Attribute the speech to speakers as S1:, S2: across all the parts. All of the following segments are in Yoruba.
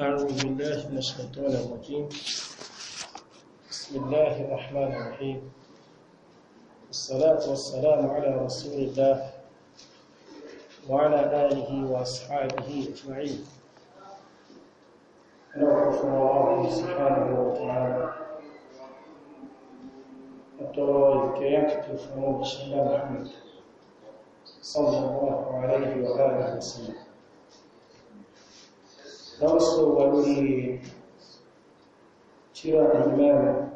S1: أعوذ بالله من الشيطان الرجيم بسم الله الرحمن الرحيم الصلاة والسلام على رسول الله وعلى آله وأصحابه أجمعين نعرف الله سبحانه وتعالى أترى الكيات في محمد صلى الله عليه وآله وسلم نوصل ولي شراء الإمام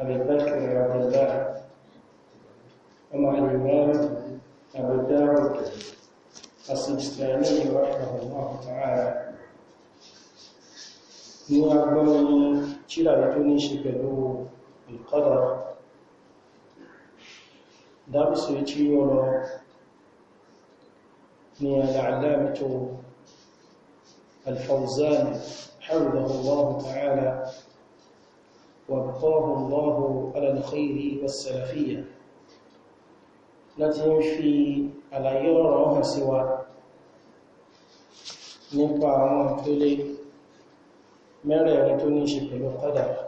S1: أبي بكر عبد الله ومع الإمام أبو داود السجستاني رحمه الله تعالى نوعبني شراء تونيشي بلو القدر درس يتيولو من العلامة الفوزان حوله الله تعالى وابقاه الله على الخير والسلفية التي في على يرونها سوى nípa àwọn ìpele mẹ́rẹ̀ẹ̀rin tó ní ṣe pẹ̀lú kádàrá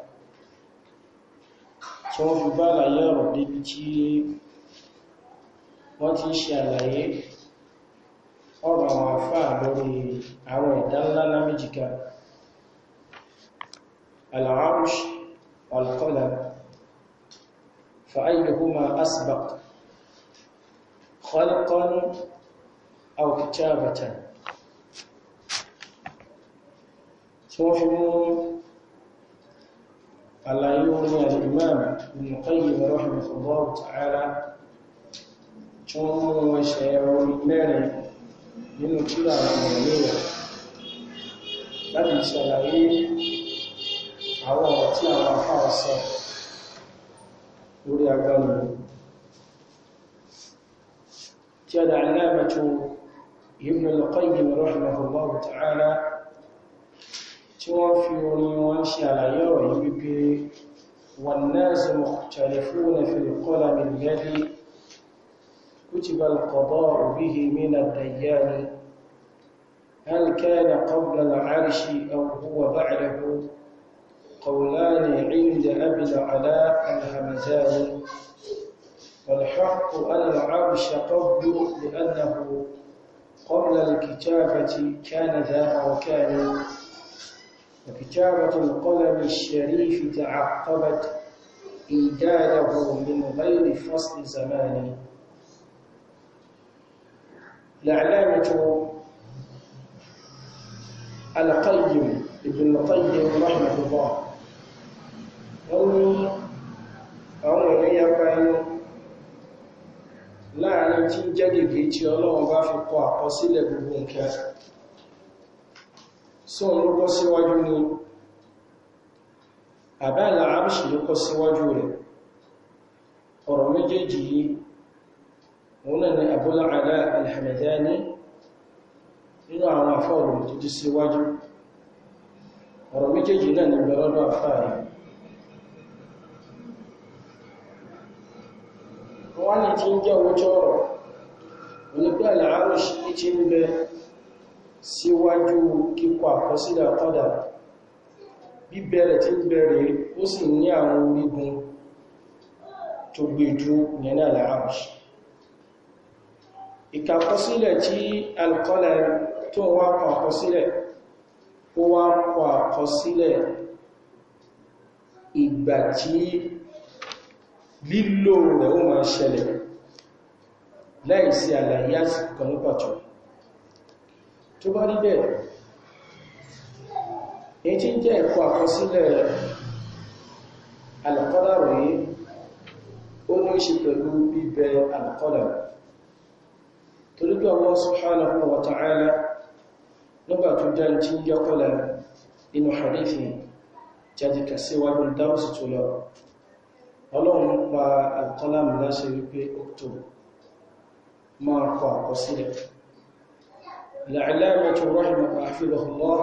S1: tí wọ́n fi bá àlàyé ọ̀rọ̀ débi tí wọ́n ti ṣe àlàyé ọ̀rọ̀ àwọn àfáà lórí àwọn ìdánlá méjì kan al-arsh wal-qalam فأيهما أسبق خلقا أو كتابة توفمون على يوم الإمام ابن قيم رحمه الله تعالى توم وشيعون مالك nínú tíra àwọn ọ̀rọ̀ rẹ̀ láti ṣàlàyé àwọn ọ̀rọ̀ tí àwọn afáà sọ lórí agbára tí a dàrílá bàtò Ibn al-Qayyim rahimahullahu ta'ala tí wọ́n fi orin wọn ṣe àlàyé ọ̀rọ̀ yìí wípé والناس مختلفون في القلم الذي كتب القضاء به من الديان هل كان قبل العرش أو هو بعده قولان عند أبي العلاء الهمزان والحق أن العرش قبل لأنه قبل الكتابة كان ذا وكان وكتابة القلم الشريف تعقبت إيجاده من غير فصل زمان الأعلامة القيم ابن القيم رحمه الله ومن àwọn ènìyàn pa inú láàrin tí ń jẹ́ gègé tí ọlọ́run bá fi kọ àkọsílẹ̀ gbogbo nǹkan sọ ló kọ síwájú ní àbá ìlà àbíṣì ló kọ síwájú rẹ̀ ọ̀rọ̀ méjèèjì yìí òun náà ni abúlá àdá alhamadani nínú àwọn àfá ọ̀rọ̀ tó jí sí iwájú ọ̀rọ̀ méjèèjì náà ní ìgbẹ̀ lọ́dọ̀ àfá rẹ̀ wọ́n ní tí ń jẹ́ owó tí ọ̀rọ̀ onígbẹ́ àlàárò sí ti ń bẹ síwájú kíkọ àkọsílẹ̀ àkọ́dà bíbẹ̀rẹ̀ tí ń bẹ̀rẹ̀ ó sì ní àwọn orígun tó gbèjú yẹn náà ìkàkọsílẹ̀ tí alkọ́lẹ̀ tó wá kọ àkọsílẹ̀ ó wá kọ àkọsílẹ̀ ìgbà tí lílò rẹ̀ ó máa ṣẹlẹ̀ láìsí àlàyé àsìkò ní pàtó tó bá rí bẹ́ẹ̀ èyí tí jẹ́ ẹ̀kọ́ àkọsílẹ̀ alàkọ́dà rẹ̀ ó mú ìṣe pẹ̀lú bíbẹ̀ alàkọ́dà torí bí Allah subhanahu wa nígbà tó dá tí ń yọ́kọ́lá inú harifi jẹ́dìkà síwájú dáwọ̀sì tó lọ ọlọ́run pa alkọ́lámù láṣẹ wípé okto máa kọ àkọsílẹ̀ la'alamatu rahimaka hafizahullah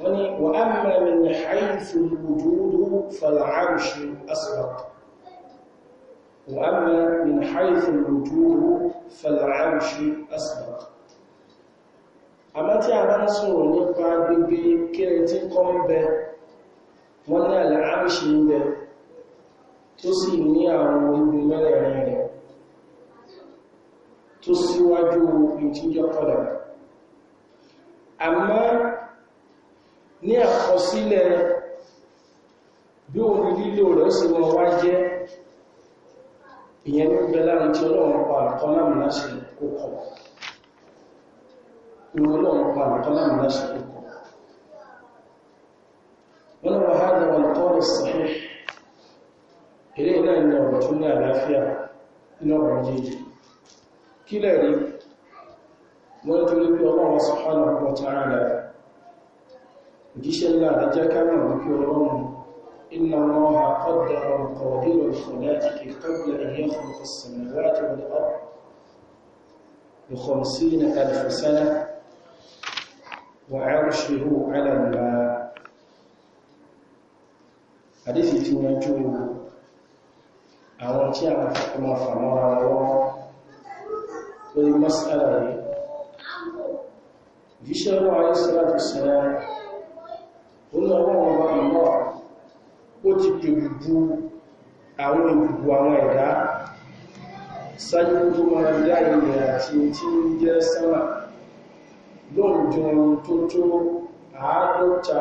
S1: wani wa amma min haythu al-wujud fal-'arsh asbaq wa amma min haythu al-wujud fal-'arsh asbaq àmọ́ tí a bá ń sọ̀rọ̀ nípa gbígbé kíni tí kọ́ ń bẹ wọ́n ní àlàáríṣì ń bẹ tó sì ní àwọn igun mẹ́rẹ̀ẹ̀rin rẹ̀ tó síwájú ìjíjọ́ kọ̀dà àmọ́ ní àkọsílẹ̀ bí omi lílò rẹ̀ sì wọ́n wá jẹ́ ìyẹn ní bẹ́lá tí ọlọ́run pa àkọ́lámù láṣẹ kó kọ̀ọ̀ ìwọ ọlọ́run pa nǹkan láàmì láṣẹ púpọ̀ wọ́n lọ́wọ́ hádà wọn tọ́rọ sàhẹ́ eré náà ni ọ̀rọ̀ tó ní àlàáfíà ní ọ̀rọ̀ jíjì kí lẹ́rí wọ́n tó ní bí ọlọ́run sọ̀hánà pọ̀ tààrà rẹ̀ òjíṣẹ́ ńlá àdájá kárùn-ún wípé ọlọ́run إن الله قدر مقادير الخلائق قبل أن يخلق السماوات والأرض بخمسين ألف سنة وعرشه على الماء حديث تنجو àwọn tí a ma fàmọ́ra lọ́wọ́ lórí masala rẹ̀ ìfíṣẹ́rọ ayéṣẹ́láti sẹ́lá olú àwọn ọmọ ọmọ ó ti pèbùbù àwọn ìbùbù àwọn ẹ̀dá sáyé tó mọ́ ẹ̀dá ilẹ̀ àti tí ó jẹ́ sẹ́lá lóòjọ ohun tó tó àádọ́ta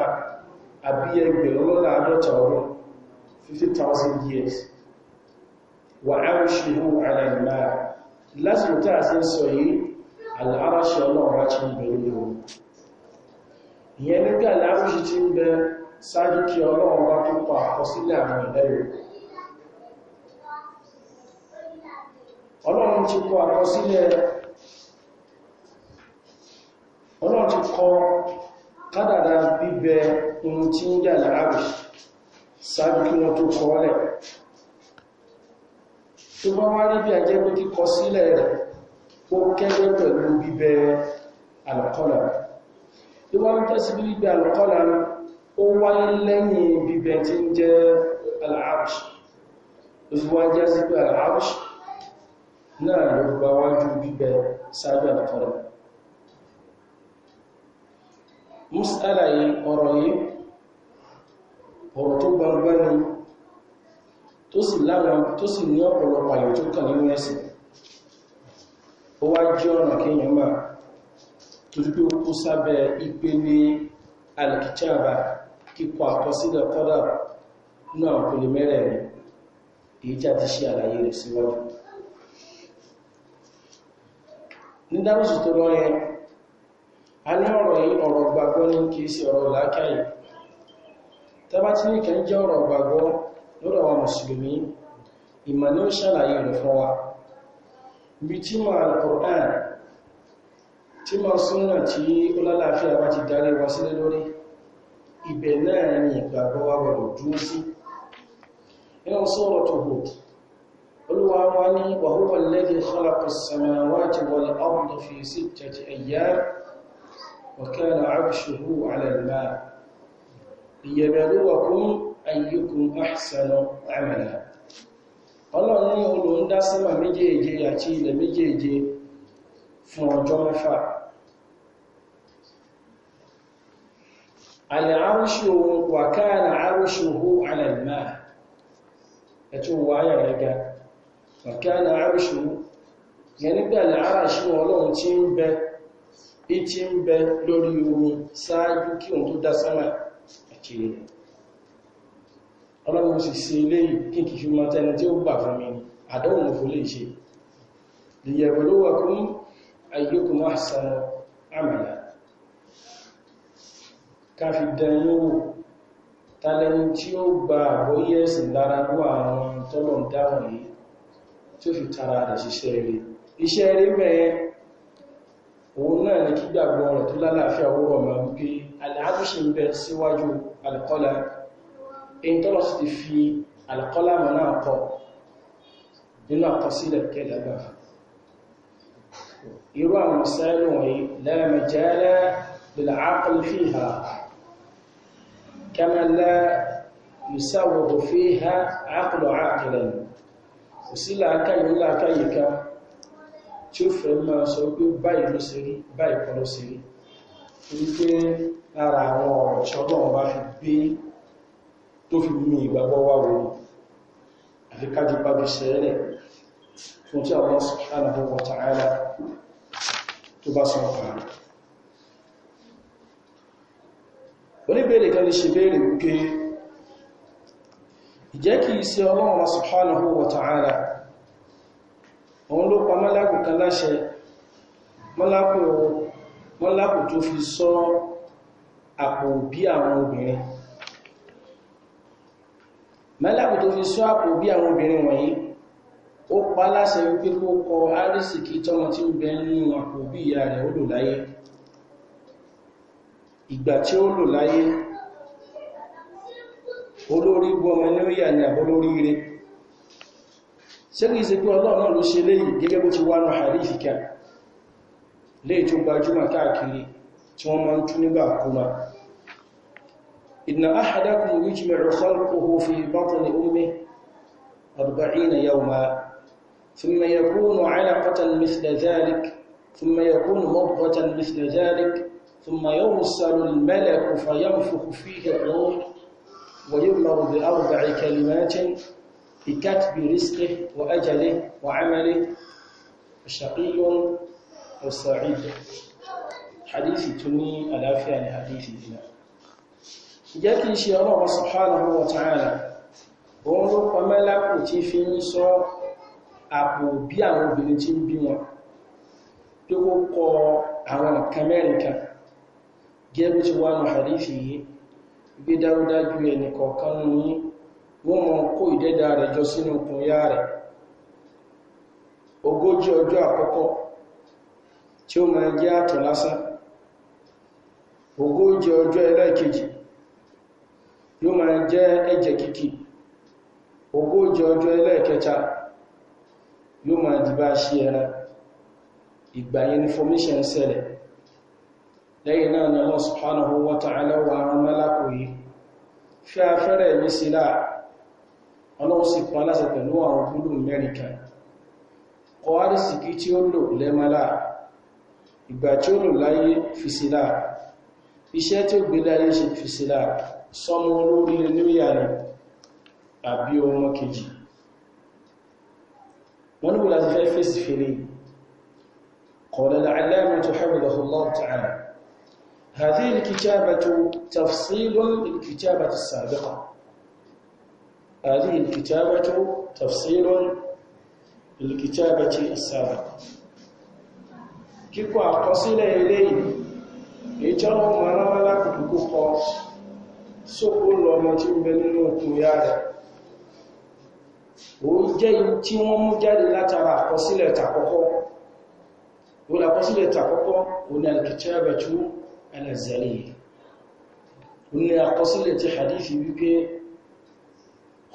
S1: àbí ẹgbẹ̀rún lọ́nà àádọ́ta ọdún 50,000 years wà áwùṣìhù àlàìmá lásìkò tí a sí sọ yìí aláraṣẹ́ ọlọ́run ti ń bẹ̀rẹ̀ ìyẹn ti bẹ ọlọ́run ti kọ kádàrà bíbẹ ohun tí ń jà láàrù sáájú kí wọ́n tó kọ́ lẹ̀ tó bá wá rí bí a jẹ́ pé kíkọ sílẹ̀ rẹ̀ ó kẹ́gbẹ́ pẹ̀lú bíbẹ àlọ́kọ́lá tó bá ń tẹ́sí bíbẹ àlọ́kọ́lá ó wáyé lẹ́yìn bíbẹ tí ń jẹ́ àlàáàrù òṣùwá jẹ́ sí pé bíbẹ sáájú àlọ́kọ́lá mọ́sálà yìí ọrọ yìí ọ̀rọ̀ tó gbangbani tó sì láwọn tó sì ní ọ̀pọ̀lọpọ̀ àyè tó kàn nínú ẹ̀sìn ó wá jẹ́ ọ̀nà kéèyàn máa torí pé ó kó sábẹ́ ní alìkìchàbà kíkọ àkọsílẹ̀ kọ́dà náà kò lè mẹ́rẹ̀ rẹ̀ èyí tí a ti ṣe àlàyé rẹ̀ síwájú ní dárúsù tó a ní ọ̀rọ̀ yìí ọ̀rọ̀ gbàgbọ́ ní kìí sí ọ̀rọ̀ làákàyè tẹ́bá tí ní kẹ́ń jẹ́ ọ̀rọ̀ gbàgbọ́ lọ́dọ̀ àwọn mùsùlùmí ìmọ̀ ní ó ṣàlàyé rẹ̀ fún wa bí tí mọ̀ alkùnrin tí mọ̀ súnà tí ó lálàáfíà bá ti darí wa lórí ibẹ̀ náà ni ìgbàgbọ́ wa sí sọ́rọ̀ tó hù olúwa wa ní wàhúwà وكان عرشه على الماء ليبلوكم أيكم أحسن عملا ọlọ́run ní olóhun dá sánmà méjèèje àti ilẹ̀ méjèèje fún ọjọ́ mẹ́fà alẹ́ arúṣù wà káàrà arúṣù hù alẹ́mà ẹ̀tù wáyà rẹ̀gá wà káàrà arúṣù yẹ nígbà alẹ́ arúṣù ọlọ́run tí ń bẹ ìtí ń bẹ lórí omi ṣáájú kí òun tó dá sánmà àti ilẹ̀ ọlọ́run sì sí ilé kí fi máa tẹni tí ó gbà fún mi àdọ́wò mo fò lè ṣe ìyẹ̀wò ló wà kún ayyukum fi tàlẹ́ni tí gba lára ní àwọn tọ́lọ̀ dáhùn yìí fi tara rẹ̀ ṣiṣẹ́ rẹ̀ iṣẹ́ mẹ́rin òun náà ni kígbàgbọ́ rẹ̀ tó lálàáfíà owó ọmọ wípé aláàbùsùn ń bẹ síwájú alìkọ́lá èyí tọ́lọ̀ sì ti fi alìkọ́lá mọ̀ náà kọ nínú àkọsílẹ̀ kẹlẹ́gbà irú àwọn sáyẹ́lù wọ̀nyí lẹ́mẹ̀jẹ́lẹ́ بالعقل فيها كما لا يسوغ فيها عقل عاقلا tí ó fẹ́ máa sọ pé báyìí ló ṣe rí báyìí kọ́ ló ṣe rí wípé lára àwọn ọ̀rọ̀ tí ọlọ́run bá fi gbé tó fi mú ìgbàgbọ́ wà wọ́n àfikájú bá bí sẹ́ẹ̀lẹ̀ fún tí àwọn subhanahu wa ta'ala tó bá sọ ọ̀fà oníbèèrè kan lè ṣe béèrè wípé ìjẹ́ kìí sí ọlọ́run subhanahu wa ta'ala òun ló pa mọ́lákù kan láṣẹ mọ́lákù mọ́lákù tó fi sọ àpò bí àwọn obìnrin mọ́lákù tó fi sọ àpò bí àwọn obìnrin wọ̀nyí ó pa láṣẹ wípé kó kọ árísìkí tọ́mọ tí ó bẹ nínú àpò bí ìyá rẹ̀ ó lò láyé ìgbà tí ó lò láyé olórí gbọmọ ní ó yà ní àbólórí sẹ́rí kìí pé ọlọ́run ló ṣe léyìí gẹ́gẹ́ bó ti wá ní àrífíkà léyìí tó gbajúmọ̀ káàkiri tí wọ́n máa ń tún nígbà kúmà ìdínà áhàdákùn yujma'u khalquhu fi batni ummihi بكتب رزقه وأجله وعمله الشقي والسعيد حديث تني ألافي عن حديث هنا جاكي شيء الله سبحانه وتعالى òun ló pọ mẹ́lápù tí fi ń sọ àpò bí àwọn obìnrin tí ń bí wọn tí ó kọ àwọn nǹkan mẹ́rin kan gẹ́gẹ́ bí ti wà ní àrífì yìí gbé dáúdájú ẹnì kọ̀ọ̀kan ní wọ́n mọ̀ kó ìdẹ́dà rẹ̀ jọ sínú okùn yá rẹ̀ ogójì ọjọ́ àkọ́kọ́ tí ó máa jẹ́ àtọ̀ lásán ogójì ọjọ́ ẹlẹ́ẹ̀kejì yóò máa jẹ́ ẹ̀jẹ̀ kìkì ogójì ọjọ́ ẹlẹ́ẹ̀kẹta yóò máa dìbà sí ẹran ìgbà yẹn ni formation ṣẹlẹ̀ lẹ́yìn náà ni Allah subhanahu wa ta'ala ọlọ́wọ́ sì pọn aláṣẹ pẹ̀lú àwọn gúlù mẹ́ríkà kọwárí síkí tí ó lò lẹ́mọ́lá ìgbà tí ó lò láyé fìsílà iṣẹ́ tí ó gbé láyé ṣe fìsílà sọmọ olórílẹ̀ níyà rẹ̀ àbí ọmọ kejì wọ́n ní wùlá ti fẹ́ fèsì fèrè kọ̀ọ̀lẹ̀lẹ̀ هذه الكتابة تفصيل للكتابة السابقة هذه الكتابة تفصيل للكتابة السابقة kíkọ àkọsílẹ̀ eléyìí ìjọba mọ̀ránwá lákùnkù kọ sókó lọmọ tí ń bẹ nínú òkun ya rẹ̀ ó jẹ́ tí wọ́n mú jáde látara àkọsílẹ̀ tàkọ́kọ́ ó làkọsílẹ̀ tàkọ́kọ́ ó ní alkitaba tú alazali ó ní àkọsílẹ̀ ti hadithi wípé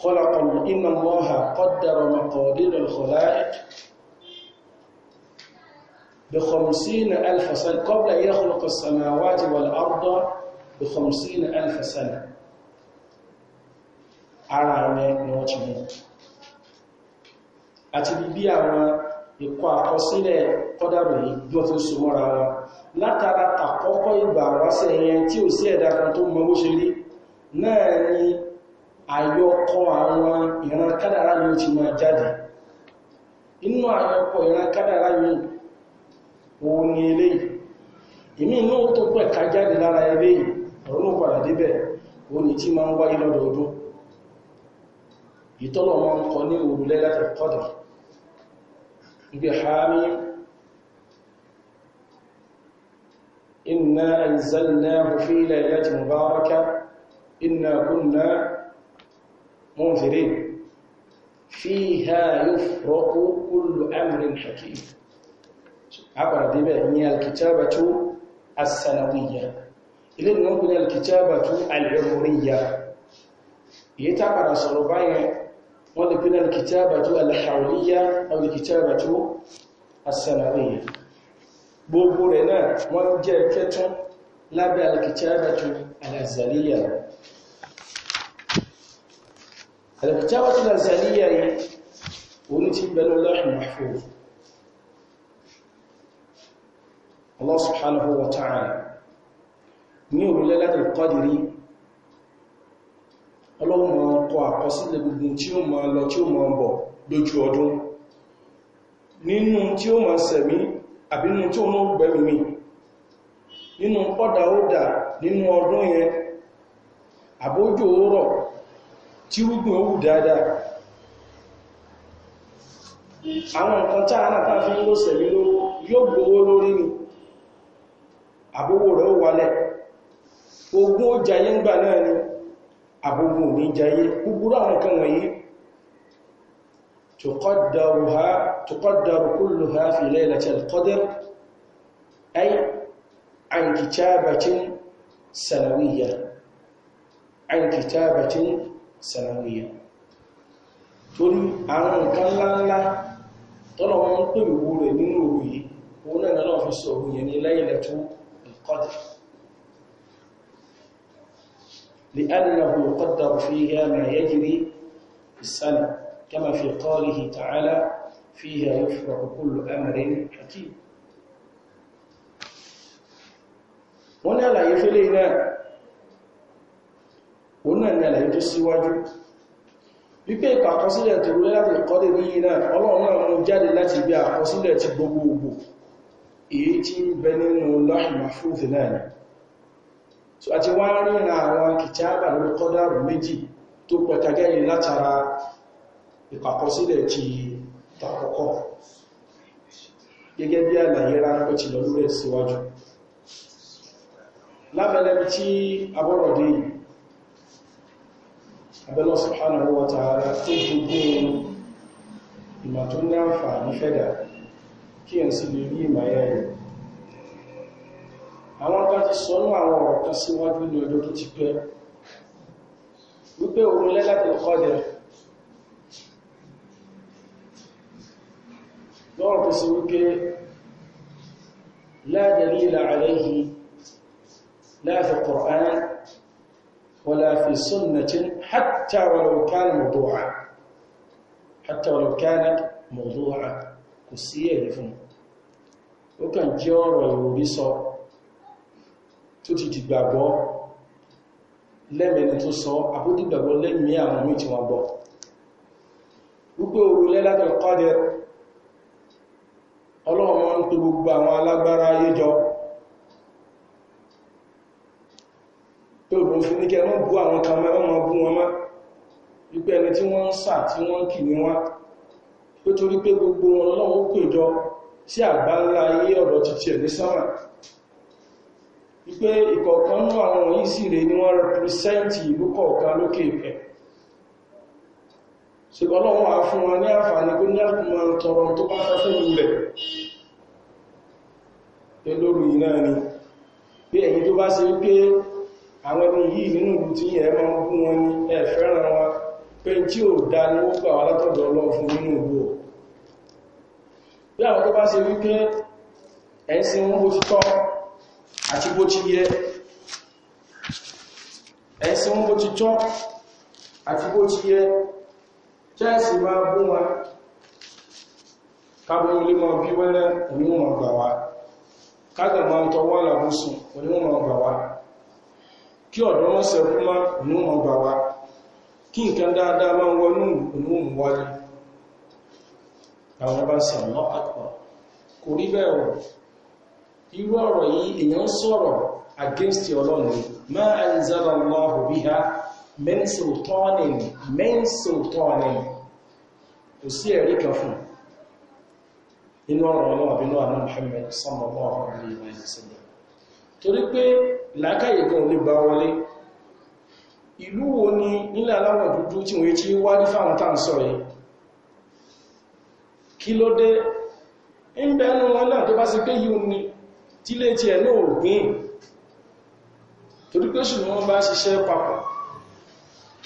S1: خلق إن الله قدر مقادير الخلائق بخمسين ألف سنة قبل أن يخلق السماوات والأرض بخمسين ألف سنة ara rẹ ni wọ́n ti mú àti bí àwọn ikọ̀ àkọsílẹ̀ kọ́dàrò yìí bí wọ́n ti so mọ́ra wọn látara tàkọ́kọ́ ìgbà wáṣẹ̀ yẹn tí ò sí ẹ̀dà kan tó mọ́ bó ṣe rí náà ni àyọkọ àwọn ìran kádàrá yóò ti máa jáde inú àyọkọ ìran kádàrá yóò òun ni eléyìí ìmí inú tó pẹ̀ka jáde lára eléyìí ọ̀rún padà débẹ̀ òun ni tí máa ń wáyé lọ́dọọdún ìtọ́lọ̀ wọn kọ ní òrùlé láti kọ́dọ̀ ibi hàmí inna anzalnahu fi laylatin mubarakah inna kunna منذرين فيها يفرق كل أمر حكيم عبر دبا هي الكتابة السنوية إلى نقول الكتابة العمرية يتعبر صلبان ونقول الكتابة الحولية أو الكتابة السنوية بوبورنا وجاء كتن لابا الكتابة الأزلية الكتابة الأزلية ونتي بل الله المحفوظ الله سبحانه وتعالى ní òrùlẹ́ láti kọ́dìrí ọlọ́run ma kọ àkọsílẹ̀ gbogbo tí ó ma lọ tí ó ma bọ̀ lójú ọdún nínú tí ó ma sẹ̀mí àbí nínú tí ó mọ́ gbẹ̀mí nínú pọ́dà ó dà nínú tí rúgbìn ó wù dáadáa àwọn nǹkan tí àwọn àtàfi ń ló sẹ̀mí ló yóò gbówó lórí ni àbówò rẹ̀ ó wálẹ̀ ogun ó jayé ń gbà náà ni àbógun ní jayé gbogbo àwọn nǹkan wọ̀nyí تقدرها تقدر كلها في ليلة القدر أي عن كتابة سنوية عن كتابة سنوية تقول أنا كلا لا ترى ما نقول يقول إنه روي هنا أنا في السوق يعني ليلة القدر لأنه يقدر فيها ما يجري في السنة كما في قوله تعالى فيها يفرق كل أمر حكيم هنا لا يفلينا òun náà ní àlàyé tó síwájú wípé ìkà àkọsílẹ̀ tó rí láti kọ́dé ní iná ọlọ́run náà mú jáde láti ibi àkọsílẹ̀ ti gbogbogbò èyí tí ń bẹ nínú láìmáfúfì náà so àti wá ríra àwọn kìtàbà lórí kọ́dàrù méjì tó pẹ̀tàgẹ́yìn látara ìpàkọsílẹ̀ ti tàkọ́kọ́ gẹ́gẹ́ bí àlàyé ránpẹ́ ti lọ lórí síwájú lábẹ́lẹ́ tí abọ́rọ̀dé yìí abẹ́lọ́ subhanahu wa ta'ala tó gbogbo ìmọ̀ tó ní àǹfààní fẹ́dà kí ẹ̀ sì lè rí ìmọ̀ ẹ̀ rẹ̀ àwọn bá ti sọ́nú àwọn ọ̀rọ̀ kan síwájú ní ọjọ́ tó ti pẹ́ wípé òun lẹ́lẹ́tẹ̀lẹ̀ kọ́dẹ̀ lọ́rọ̀ tó sì wípé la dalila alayhi la fi Qur'an ولا في سنة حتى ولو كان موضوعا حتى ولو كانت موضوعا كسية لفهم وكان جور ويوريسو تتجي بابو lẹ́mẹ̀ẹ́ni tó sọ àbúdìgbàgbọ́ lẹ́mìí àwọn míì tí wọ́n gbọ́ wípé òru lẹ́látọ̀ kọ́dẹ̀ ọlọ́run tó gbogbo àwọn alágbára ayé jọ òfin ní kí ẹ má bú àwọn kan mọ́ ẹmọ́ bú wọn mọ́ wípé ẹni tí wọ́n ń sà tí wọ́n ń kì ní wọ́n pé torí pé gbogbo wọn lọ́wọ́ péjọ sí àgbáńlá ayé ọ̀dọ̀ títí ẹ̀ ní sánmà wípé ìkọ̀ọ̀kan ní àwọn yìí sì rè ni wọ́n rẹpìrìsẹ́ǹtì ìlú kọ̀ọ̀kan lókè ìpẹ́ ṣùgbọ́n lọ́wọ́ a fún wọn ní àǹfààní kó ní àkùnmọ̀ tọrọ tó bá fẹ́ fún rẹ̀ pẹ̀lú ìnáà ni pé ẹ̀yìn tó bá ṣe wípé àwọn ẹni yìí nínú ìlú tí ẹ máa ń bú wọn ní ẹ fẹ́ràn wọn pé tí ò dá ní ó gbà wá látọ̀dọ̀ ọlọ́run fún nínú ìlú ọ̀ bí àwọn tó bá ṣe wípé ẹ̀sìn wọn bó ti tọ́ àti bó ti yẹ ẹ̀sìn wọn bó ti tọ́ àti bó ti yẹ chẹ́ẹ̀sì máa bú wọn kábọn olè máa bí wẹ́lẹ́ onímọ̀ gbà wá kágbà máa tọwọ́ àlàbùsùn onímọ̀ gbà wá kí ọ̀dọ́ wọn sẹ̀kú má òun mọ̀ gbà wá kí nǹkan dáadáa máa wọnú òun mú àwọn bá sì ọ̀nà àpọ̀ kò rí bẹ́ẹ̀ rọ̀ irú ọ̀rọ̀ yìí èèyàn sọ̀rọ̀ against ọlọ́run ma anzalallahu biha min sultanin min sultanin kò sí ẹ̀rí kan fún inú ọ̀rọ̀ ọlọ́run àbínú àná torí làákàyè kan lè bá wọlé ìlú wo ni nílẹ̀ aláwọ̀ dúdú tí wọ́n tí wá ní fáwọn tàà sọ yìí kí ló dé ń bẹ ẹnu wọn náà tó bá sí pé yíò ní tí lè ti ẹ̀nà ògbín torí pé ṣùgbọ́n wọ́n bá ṣiṣẹ́ papọ̀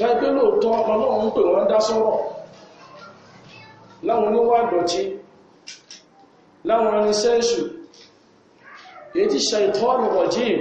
S1: láì pé lóòótọ́ ọlọ́run pè wọ́n dá sọ́rọ̀ láwọn oníwà dọ̀tí láwọn irinṣẹ́ èṣù èyí ti ṣe ìtọ́ ọ̀rọ̀ jìn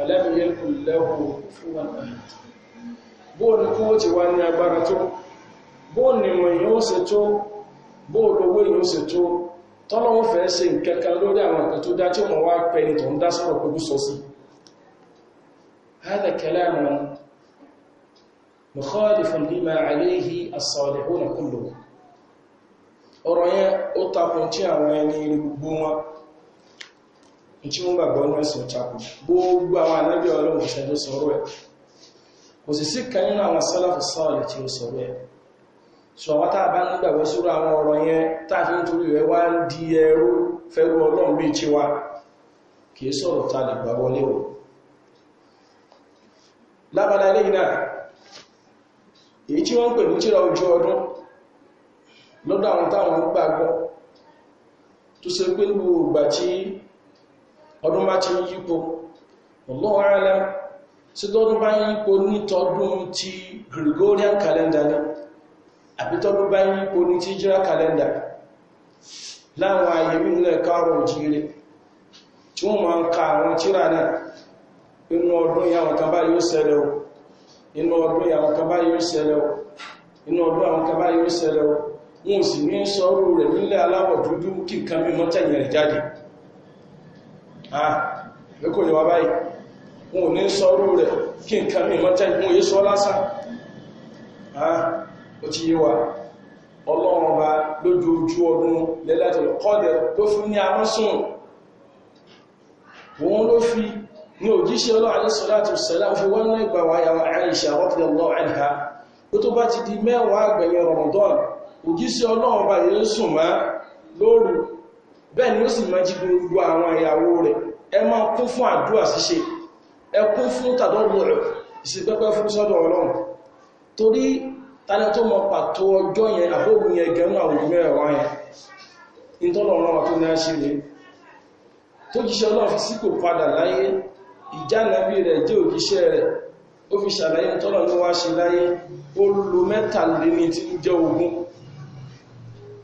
S1: ọ̀lẹ́bìn yẹn kò lẹ́wọ̀ fún wọn náà bóòlù kí wọ́n ti wá ní agbára tó bóòlù ìmọ̀ èèyàn ó ṣe tó bóòlù owó tọ́lọ́wọ́ fẹ́ ṣe nǹkankan lórí àwọn nǹkan tó dá tí wọ́n wá pẹ́ tó ń dá sọ́rọ̀ pẹ̀lú sọ sí هذا كلام مخالف لما عليه الصالحون كلهم ọ̀rọ̀ yẹn ó takùn tí àwọn ẹni gbogbo wọn ìtìmúgbàgbọ́ ní ẹ̀sìn ìchapù gbogbo àwọn awa ọlọ́run ọ̀sẹ̀ ló sọ̀rọ̀ ẹ̀ kò sì sí kan nínú àwọn sálàfù sáàlì tí ó sọ àwọn tá a bá nígbàgbọ́ sórí àwọn ọ̀rọ̀ yẹn tá a fi ń torí rẹ̀ wá ń di ẹrú wa kì í sọ̀rọ̀ ta lè gbà wọlé o lábala eléyìí náà èyí tí wọ́n pè ní tíra ojú ọdún lọ́dọ̀ ọdún bá ti yípo Allahu a'lam tí lọ́dún bá ń yípo nítọdún ti Gregorian calendar ní àbítọ́dún bá yípo ní ti jira calendar láwọn ayẹ̀mí ilẹ̀ káàrọ̀ òjìire tí wọ́n ma ń ka àwọn náà inú ọdún yàwọn kan yóò o inú ọdún yàwọn bá yóò o inú ọdún àwọn yóò o sì ní sọ́rọ̀ rẹ̀ nílẹ̀ aláwọ̀ dúdú mímọ́ ààrẹ kò yíwa báyìí wọn ò ní sọ́rọ̀ rẹ̀ kí nǹkan mi mọ́tẹ́ ìpún èé sọ lásán ah, ó ti yíwa ọlọ́run bá lójoojú ọdún lẹ́lẹ́tọ̀lọ́ kọ́dẹ̀ tó fún ní amọ́sùn wọn ló fi ní òjíṣẹ́ ọlọ́run alẹ́sọ̀lá òjíṣẹ́ ọlọ́run bá yẹ́ bẹ́ẹ̀ ni ó sì máa jí gbogbo àwọn ìyàwó rẹ̀ ẹ máa kún fún àdúrà ṣíṣe ẹ kún fún tàdọ́gbò rẹ̀ ìsìnpẹ́pẹ́ fún sọ́dọ̀ ọlọ́run torí tani tó mọ pàtó ọjọ́ yẹn àbóhùn yẹn gẹ̀ẹ́nù àwọn mẹ́rẹ̀wá yẹn ìtọ́lọ̀ ọlọ́run tó ní àṣírí tó jíṣẹ́ ọlọ́run fi sípò padà láyé ìjánàbí rẹ̀ jẹ́ òjíṣẹ́ rẹ̀ ó fi ṣàlàyé ìtọ́lọ̀ ní wá ṣe láyé ó lò mẹ́tàléní tí ń jẹ́ ogún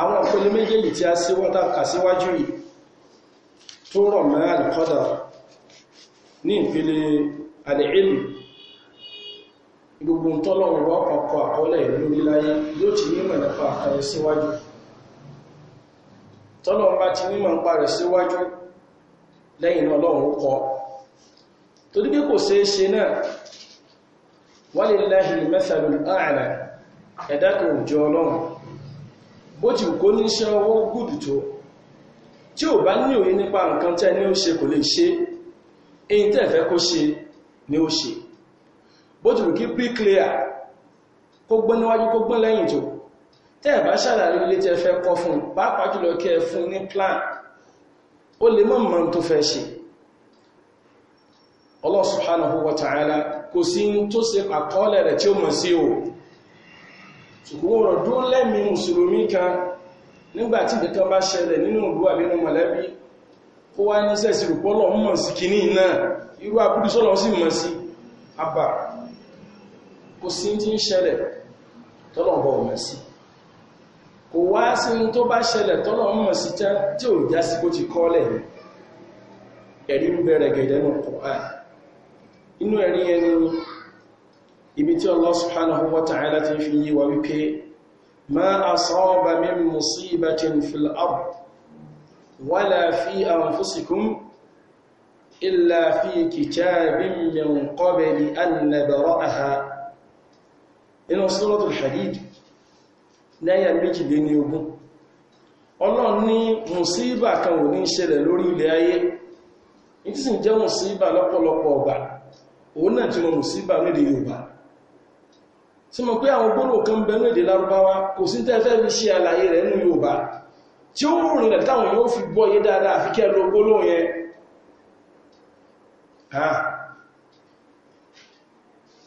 S1: àwọn ìpele méjèèjì tí a síwọ́ta kà síwájú yìí tó rọ̀ alìkọ́dà ní ìpele alìílù gbogbo tọ́lọ̀wọ̀ wọ́n àkọọ́lẹ̀ lórí láyé yóò ti nímọ̀ nípa àkàrẹ síwájú tọ́lọ̀wọ̀ ti nímọ̀ nípa rẹ̀ síwájú lẹ́yìn ọlọ́run bó ti kó ní iṣẹ́ ọwọ́ gùdù tó tí ò bá ní òye nípa nǹkan tẹ́ ní ó ṣe kò lè ṣe èyí tẹ́ fẹ́ kó ṣe ni ó ṣe bó ti kí bricklayer kó gbọ́n níwájú kó gbọ́n lẹ́yìn tó tẹ́ ẹ̀ bá ṣàlàyé ilé tẹ́ fẹ́ kọ́ fún pàápàá jùlọ kí ẹ fún ní plan ó lè mọ̀ mọ́ tó fẹ́ ṣe Allah subhanahu wa ta'ala kò sí tó ṣe àkọọ́lẹ̀ rẹ̀ tí ó mọ̀ sí òun ṣùgbọ́n ọ̀rọ̀ dún lẹ́mí mùsùlùmí kan nígbàtí ìdẹ́kan bá ṣẹlẹ̀ nínú ìlú àbínú mọ̀lẹ́bí kó wá ní sẹ́sì rùpọ́lọ̀ mọ̀ sí kìíní náà irú abúrú sọ́lọ̀ sí mọ̀ sí àbà kò sí tí ń ṣẹlẹ̀ tọ́lọ̀ bọ̀ mọ̀ sí kò wá sí tó bá ṣẹlẹ̀ tọ́lọ̀ mọ̀ sí tí ibi tí Allah subhanahu wa ta'ala ti fi yí wa wípé ma asaba min musibatin fil ard wala fi anfusikum illa fi kitabin min qabli an nabra'aha inú suratul hadid lẹ́yà méjìléníogún ọlọ́run ní musíbà kan ò ní ṣẹlẹ̀ lórí ilẹ̀ ayé ìtísìn jẹ́ musíbà lọ́pọ̀lọpọ̀ ọgbà òun náà tí wọ́n musíbà lórí Yorùbá sí mọ̀ pé àwọn gbólóhùn kan bẹnu èdè lárúbáwá kò sí tẹ́fẹ́ fi ṣe àlàyé rẹ̀ nínú yorùbá tí ó rìn rẹ̀ táwọn yóò fi gbọ́ yé dáadáa àfi kẹ́ lo gbólóhùn yẹn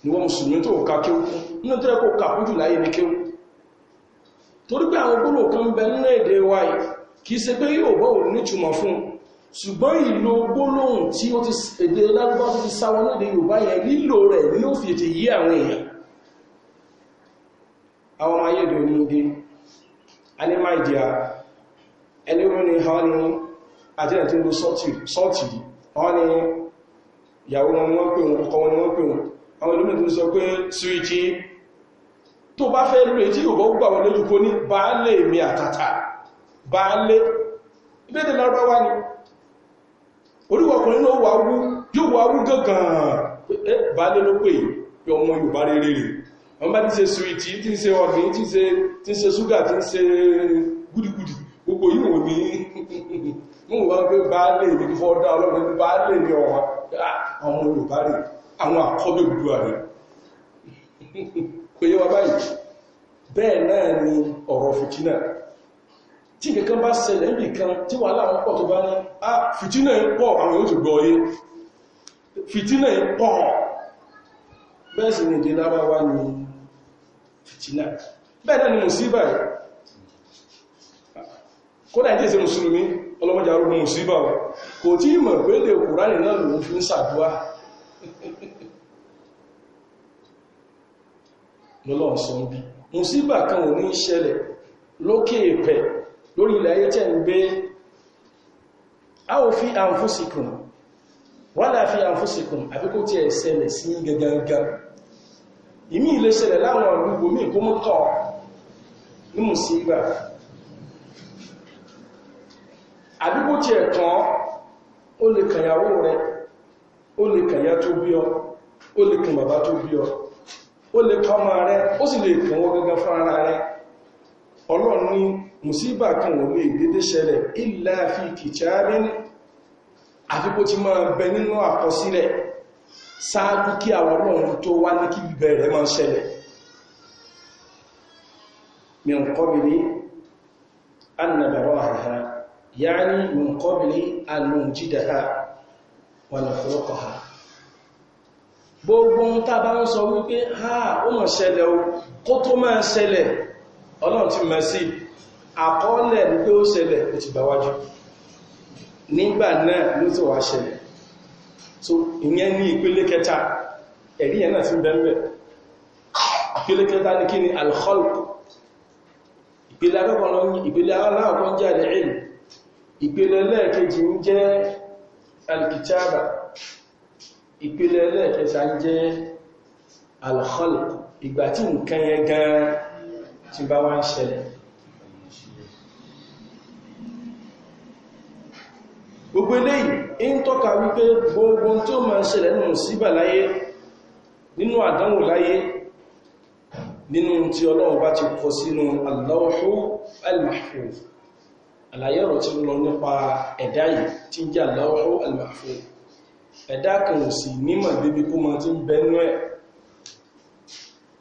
S1: ni wọ́n mùsùlùmí tó ká kéwú nínú tó rẹ̀ kó kàkú jù láyé ní kéwú torí pé àwọn gbólóhùn kan bẹ nínú èdè wa yìí kì í ṣe pé yóò bọ́ òun nítumọ̀ fún ṣùgbọ́n ìlò gbólóhùn tí ó ti èdè lárúbáwá ti sáwọn èdè yorùbá yẹn lílò rẹ̀ ni ó fi ètè yí àwọn èèyàn àwọn ayé ìdò ní ni ha ní àjẹ́rẹ̀ tí ó ló sọ́ọ̀tì wọ́n ni ìyàwó wọn wọ́n pè wọn ọkọ wọn wọ́n pè àwọn ìlú mẹ́tún sọ pé síríkí tó bá fẹ́ lórí tí yóò bọ́ mi àtàtà baálé ìbẹ́dẹ̀ lọ́rọ́wá ni oríwọ̀kùnrin náà wà wú yóò wà rere àwọn bá ti ṣe suwiti ti ń ṣe ọ̀gbìn tí ń ṣe ṣúgà ti ṣe gúdùgúdù gbogbo yíò ní mún wọ́n pé bá lè ní fọ́dá ọlọ́run bá lè ní ọ̀wọ́n àwọn rẹ̀ àwọn àkọ́bẹ̀ gbogbo rẹ̀ pẹ̀yẹ wa báyìí bẹ́ẹ̀ náà ni ọ̀rọ̀ fìtínà tí kankan bá ṣẹlẹ̀ níbi kan tí wà láwọn pọ̀ tó bá ní a ah, fìtínà ń pọ̀ àwọn yóò gbọ́ yé fìtínà ń pọ̀ bẹ́ẹ̀ sì ni ìdílábáwá ni fìtínà bẹ́ẹ̀ náà ni mùsíbà rẹ̀ kódà ìdí ìsẹ́ mùsùlùmí ọlọ́mọjà ogun mùsíbà rẹ̀ kò tí mọ̀ pé lè kùránì náà lòun fi ń sàdúwà lọ́lọ́ọ̀sán bí mùsíbà kan ò ní ṣẹlẹ̀ lókè èpẹ̀ lórí ilẹ̀ ayé tẹ́ ń gbé ìmí ilé ṣẹlẹ̀ láwọn ọ̀rùn gbòmí kó mú kọ̀ ní mùsíbà àdúgbò tí ẹ̀kan ó lè kàyàwó rẹ̀ ó lè kàyà tó bí ọ ó lè kàn bàbá tó bí ọ ó lè kọ́ ọmọ rẹ̀ ó sì lè kàn wọ́n gẹ́gẹ́ fún ara rẹ̀ ọlọ́run ní mùsíbà kan wọ́n lè dédé ṣẹlẹ̀ illa fi kitabin àfikó máa bẹ nínú àkọsílẹ̀ ṣáájú kí àwọn ọlọ́run tó wá ní kí bẹ̀rẹ̀ máa ṣẹlẹ̀ min qabli an nabaraha ya'ni min qabli an nunjidaha wa nafruqaha gbogbo bá ń sọ ha ó mọ̀ ṣẹlẹ̀ o kó tó máa ṣẹlẹ̀ ọlọ́run ti mọ̀ sí ṣẹlẹ̀ ó ti bá wájú nígbà so ìyẹn ní ìpele kẹta ẹ̀rí yẹn náà ti bẹ̀rẹ̀ ìpele kẹta ní kí ni al-khalq ìpele aláàkọ́ ń jẹ́ al-ilm ìpele ẹlẹ́ẹ̀kejì ń jẹ́ al ìpele ẹlẹ́ẹ̀kẹta ń jẹ́ al ìgbà tí nǹkan yẹn gan tí bá wá ń ṣẹlẹ̀ gbogbo eléyìí ń tọ́ka wípé gbogbo tí ó máa ń ṣẹlẹ̀ nínú síbà láyé nínú àdánwò láyé nínú tí ọlọ́run bá ti kọ sínú aláwọ̀ṣó al-mahfuz àlàyé ọ̀rọ̀ tí ó lọ nípa ẹ̀dá yìí tí ń jẹ́ aláwọ̀ṣó al ẹ̀dá kan ò sì nímọ̀ débi kó máa ti ń ẹ̀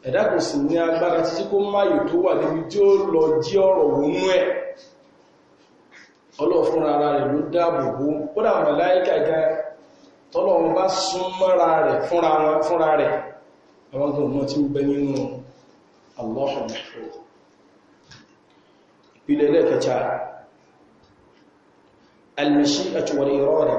S1: ẹ̀dá kan sì ní agbára títí kó máyò tó wà débi tí ó lọ jí ọ̀rọ̀ wọnú ẹ̀ ọlọ́run fúnra ara rẹ̀ ló dáàbò bò kódà màláíkà gan tọ́lọ́run bá sún mọ́ra rẹ̀ fúnra rẹ̀ àwọn tó mọ́ tí ó bẹ nínú Allahu Mahfuz ìpìlẹ̀ lẹ́kẹta al-mashi'atu wal-irada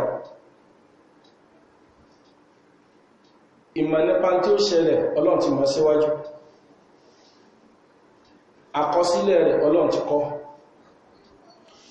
S1: ìmọ̀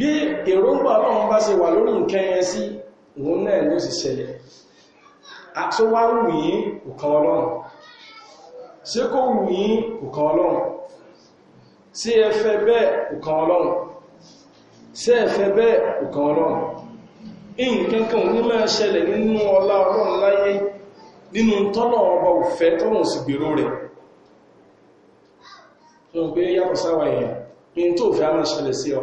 S1: bí èròǹgbà ọlọ́run bá ṣe wà lórí nǹkan yẹn sí òun náà ló sì ṣẹlẹ̀ tó wá wù yí òkan ọlọ́run ṣé kò wù yí òkan ọlọ́run ṣé ẹ fẹ́ bẹ́ẹ̀ òkan ọlọ́run ṣé ẹ bẹ́ẹ̀ òkan ọlọ́run nǹkan ní máa ṣẹlẹ̀ nínú ọlá ọlọ́run láyé nínú tọ́nà ọba òfẹ́ tọ́nà sì gbèrò rẹ̀ tó ń pé yàtọ̀ sáwà èèyàn ní tó fẹ́ á máa ṣẹlẹ̀ sí ọ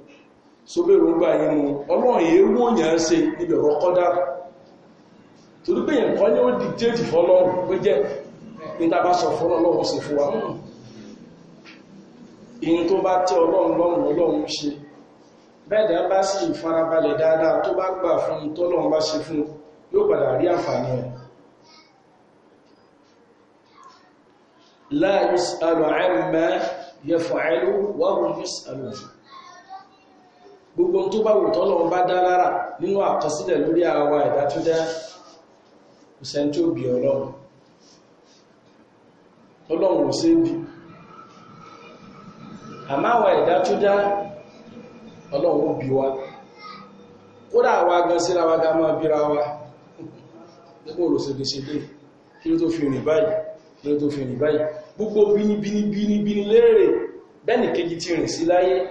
S1: sóbèrò ń gbà yín mu ọlọ́run yìí wó yàn ṣe níbi ọ̀rọ̀ kọ́dá torí pé yẹn kọ́ ní ó di déètì fọlọ́run pé jẹ́ níta fún ọlọ́run sì fún wa ìyìn tó bá tẹ́ ọlọ́run lọ́rùn ọlọ́run ṣe bẹ́ẹ̀dá bá sì farabalẹ̀ dáadáa tó bá gbà fún tọ́lọ́run bá ṣe fún yóò padà rí àǹfààní ẹ̀ la yus'alu amma yaf'alu wa hum yus'alun gbogbo tó bá wù tọ́lọ̀ bá dá lára nínú àkọsílẹ̀ lórí àwa ẹ̀dá tó dá òsẹ́ni tó ọlọ́run ọlọ́run ò àmọ́ àwa ẹ̀dá tó dá ọlọ́run wa kódà àwa gan síra wa gan máa bíra wa nígbò olóṣèlésèlé kí ló tó fi rìn báyìí kí ló gbogbo kejì ti rìn sí láyé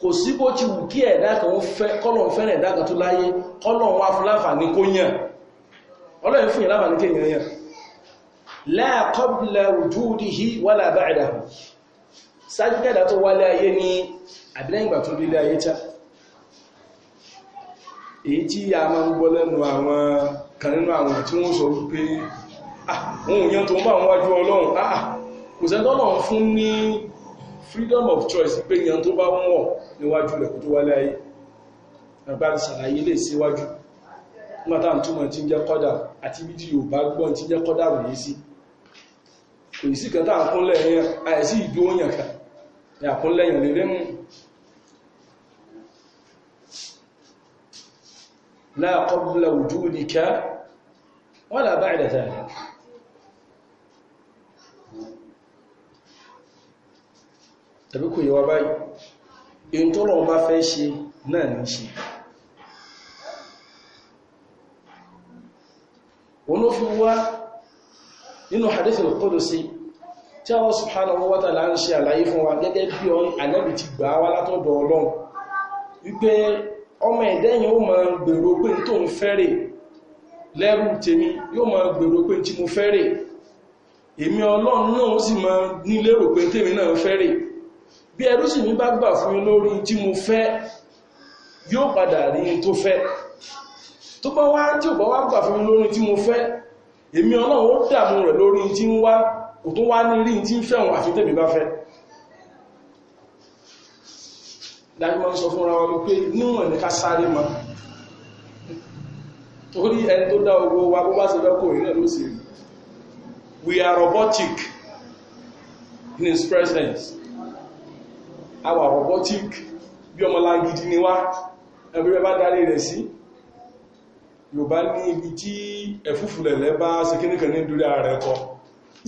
S1: kò sí bó ti wù kí ẹ̀dá kan kọ́lọ̀ fẹ́rẹ̀ ẹ̀dá kan tó láyé kọ́lọ̀ wá fún láǹfààní kó yàn ọlọ́yìn fún ìlànà kí èèyàn yàn la qabla wujudihi wala ba'dahu sáájú kẹ́dà tó wálé ayé ní àbílẹ́yìngbà tó délé ayé chá èyí a máa ń gbọ́ lẹ́nu àwọn kan nínú àwọn tí wọ́n sọ wípé ah òun yẹn tó ń bá wọn wájú ọlọ́run ah, ah kò sẹ́tọ́lọ́run fún ní freedom of choice pé yan tó bá wọ́n níwájú rẹ̀ kó tó wálé ayé àgbà ṣàlàyé lè síwájú mátà túnmọ̀ tí ń jẹ́ kọ́dà àti bí yóò bá tí ń jẹ́ kọ́dà rẹ̀ sí kò sí kan tá àkúnlẹ̀ yẹn àìsí kan ní àkúnlẹ̀ yẹn lè tàbí kò yẹ wa báyìí èyí tó lọ́wọ́ bá fẹ́ ṣe náà ní ṣe wọn ló fi wá nínú hadith al-Qudusi tí Allah subhanahu wa ta'ala ń ṣe àlàyé fún wa gẹ́gẹ́ bí ọ ànábì ti gbà wá látọ̀dọ̀ Ọlọ́run wípé ọmọ ẹ̀dẹ́yìn ó máa gbèrò pé tó ń fẹ́rẹ̀ lẹ́rù tèmi yóò máa gbèrò pé tí mo fẹ́rẹ̀ èmi Ọlọ́run náà ó sì máa nílérò pé tèmi náà fẹ́rẹ̀ bí ẹrú sì mi bá gbà fún mi lórí tí mo fẹ́ yóò padà rí tó fẹ́ tó bá wá tí ò bá wá gbà fún mi lórí tí mo fẹ́ èmi ọlọ́run ó dààmú rẹ̀ lórí tí ń wá kò tó wá ní rí tí ń àfi bá fẹ́ ma wa we are robotic in his presence àwa robotic bí ọmọlágidi ni wá ẹgbẹ́ bá darí rẹ̀ sí Yorùbá ní ibi tí ẹ̀fúfùlẹ̀lẹ̀ bá ṣe kíníkan ní dorí ara rẹ̀ kọ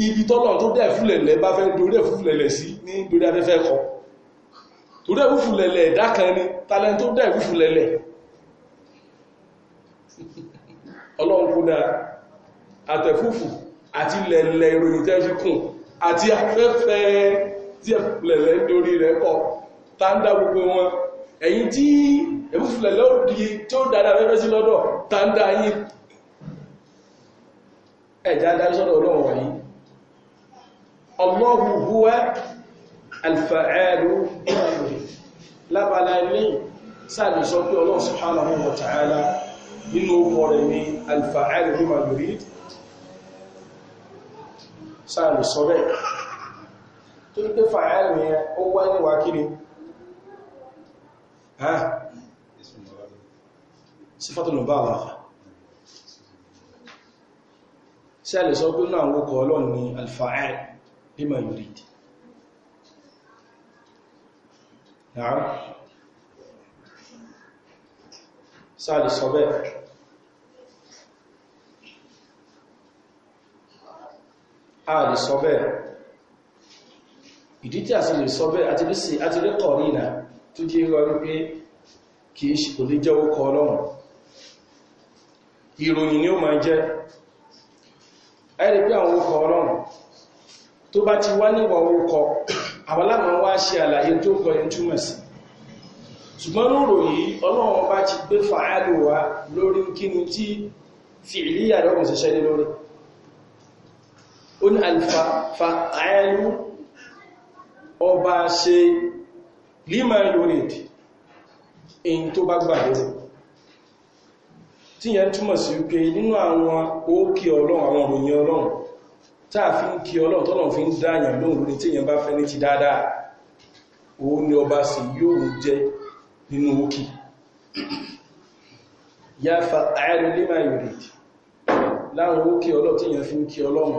S1: ibi tọ́lọ̀ tó dẹ̀ fúlẹ̀lẹ̀ bá fẹ́ dorí ẹ̀fúfùlẹ̀lẹ̀ sí ní dorí afẹ́fẹ́ kọ torí ẹ̀fúfùlẹ̀lẹ̀ ẹ̀dá kan ni talent tó dẹ̀ ẹ̀fúfùlẹ̀lẹ̀ ọlọ́run kó dára àtẹ̀fúfù àti lẹ̀lẹ̀ ìròyìn tẹ́ fi kùn àti afẹ́fẹ́ tí ẹ̀fùfùlẹ̀lẹ̀ lórí rẹ̀ kọ̀ tá ń dá gbogbo wọn ẹ̀yìn tí ẹ̀fùfùlẹ̀lẹ̀ ó di tí ó dáadáa fẹ́fẹ́ sí lọ́dọ̀ tá ń dá yín ẹ̀já dájú sọ́dọ̀ ọlọ́run wáyé Allahu huwa alfa'alu lábàlá ilé sáàdì pé ọlọ́run subhanahu torí pé fàáàlù yẹn ó wá níwà kí ni sífàtàlù bá àlàáfà sí a lè sọ pé náà wókọ̀ ọlọ́run ni alfa'al bima yurid náà sí a lè sọ bẹ́ẹ̀ a sọ bẹ́ẹ̀ ìdí tí a sì lè sọ bẹ́ẹ̀ àti rí kọ̀rí ìlà tó jẹ́ rọ wípé kì í kò lè jẹ́ orúkọ ọlọ́run ìròyìn ni ó máa jẹ́ ẹ̀rí pé àwọn orúkọ ọlọ́run tó bá ti wá níwọ̀ orúkọ àwọn aláàmà wá ṣe àlàyé tó kọ ní túmọ̀ sí ṣùgbọ́n lóòrò yìí ọlọ́run bá ti gbé fàálù wá lórí kíni tí fi ìlíyà lọ́rùn ṣiṣẹ́ lórí ó ní alfa'áìlú ọba ṣe lima lónìdì èyí tó bá gbà lórí tí yẹn túmọ̀ sí wípé nínú àwọn òkè ọlọ́run àwọn òròyìn ọlọ́run táà fi ń kí ọlọ́run tọ́lọ́run fi ń dáyàn lóhun lórí tí yẹn bá fẹ́ ní ti dáadáa òun ni ọba sì yóò jẹ nínú òkè ya fa ààrẹ lima lónìdì láwọn òkè ọlọ́run tí yẹn fi ń kí ọlọ́run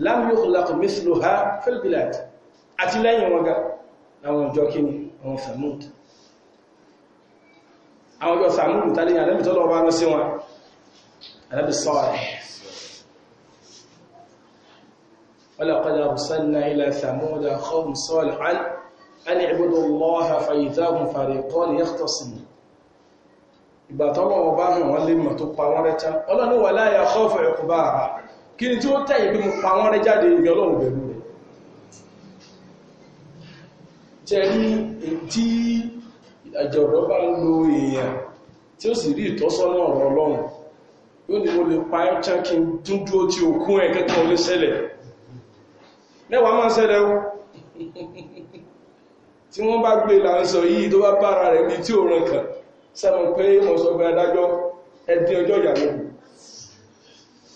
S1: lam yukhlaq mithluha fil bilad àti lẹ́yìn wọn ga àwọn ìjọ kí ni àwọn samud àwọn ìjọ samud tàbí ànábì tọ́lọ bá rán sí wọn ànábì Salih walaqad arsalna ila samud qawman salihan an i'budu Allaha fa idha hum fariqan yakhtasimuna ìgbà tọ́lọ wọn bá hàn wọ́n lè mọ̀ pa wọ́n rẹ́ tán ọlọ́ni wala ya khawfu uqbaha kí ni tí ó tẹ̀yìn pé mo pa wọ́n rẹ́ jáde ibi ọlọ́run bẹ̀rù rẹ̀ tẹ̀lú tí àjọ̀rọ̀ bá ń lo èèyàn tí ó sì rí ìtọ́sọ́nà ọ̀rọ̀ ọlọ́run yóò ní mo lè pa ẹ́ chán kí n tún dúró tí òkun ẹ̀ kẹ́kọ̀ọ́ lè ṣẹlẹ̀ mẹ́wàá máa ṣẹlẹ̀ o tí wọ́n bá gbé láńsọ yìí tó bá bára rẹ̀ bí tí ò ràn kàn sẹ́mọ̀ pé mo sọ adájọ́ ẹdín ọjọ́ ìyàwó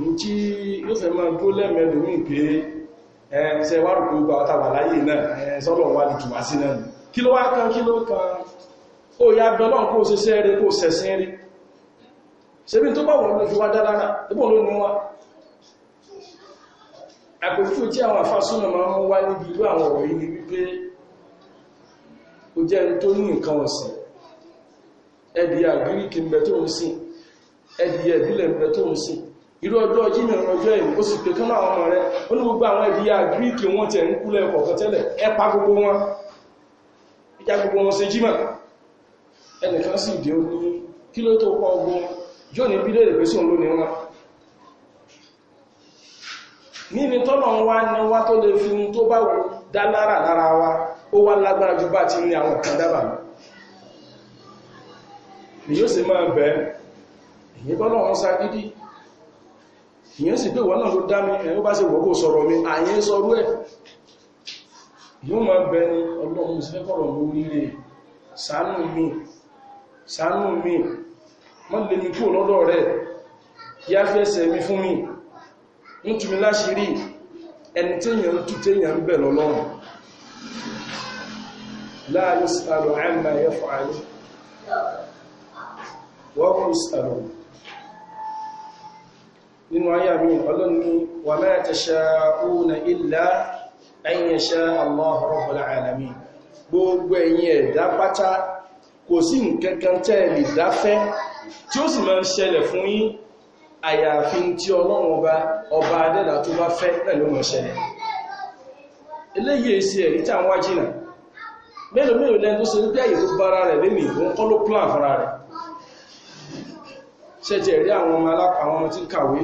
S1: ní tí yóò fẹ́ máa dó lẹ́mẹ̀ẹ́dùnmí pé ẹ̀ẹ́sẹ̀ wárùkú gba ọ̀tàwà láyé náà ẹ̀ẹ́sọ́lọ̀ wà lè tùwá sí náà kí ló wá kan kí ló kan ó yá bẹ́lọ́n kó ṣeṣẹ́ rẹ̀ kó sẹ̀sìn rí ṣebí tó bá wọ́n ló fi wá dálára ibò ló ní wá àpòfífò tí àwọn àfásúnà máa ń wá níbi irú àwọn ọ̀rọ̀ yìí ni wípé ó jẹ́ ẹni tó ní nǹkan ọ̀sìn ẹ̀dìyà gíríkì ń sìn ẹ̀dìyà ìbílẹ̀ ń bẹ tó ń sìn irú ọjọ́ jími ọjọ́ ìwò ó sì pé kán àwọn ọmọ rẹ ó ní gbogbo àwọn ẹ̀dìyà gíríkì wọn tẹ̀ ń kúlẹ̀ gbogbo wọn ìjà gbogbo wọn ṣe jímọ̀ ẹnìkan sì dé ó ní kí ló tó pa ogun yóò ní bílẹ̀ rẹ̀ pèsè òun lónìí wọn ni tọ́lọ̀ wá ní wá tó lè fi tó gidi ìyẹn sì pé wọ́n náà ló dá mi ẹ̀yọ́ bá sì wọ́kò sọ̀rọ̀ mi àyẹ́ sọrú ẹ̀ yóò máa bẹ ni ọlọ́run sí fẹ́kọ̀rọ̀ lórí rẹ̀ ṣàánú mi ṣàánú mi mọ́ lè mi kúrò lọ́dọ̀ rẹ̀ yá fi ẹsẹ̀ mi fún mi ń tú mi láṣìírí ẹni téèyàn ń tú téèyàn ń bẹ̀ lọ́lọ́run la yus'alu nínú ayé mi ọlọ́ni wà ma tasha'una illa an yasha Allahu rabbul alamin gbogbo ẹ̀yin ẹ̀dá pátá kò sí nǹkankan tẹ́ lè dáfẹ́ tí ó sì máa ń ṣẹlẹ̀ fún yín àyàfi tí ọlọ́run ọba ọba adẹ́dà tó àwọn ajínà mélòó mélòó tí ń kàwé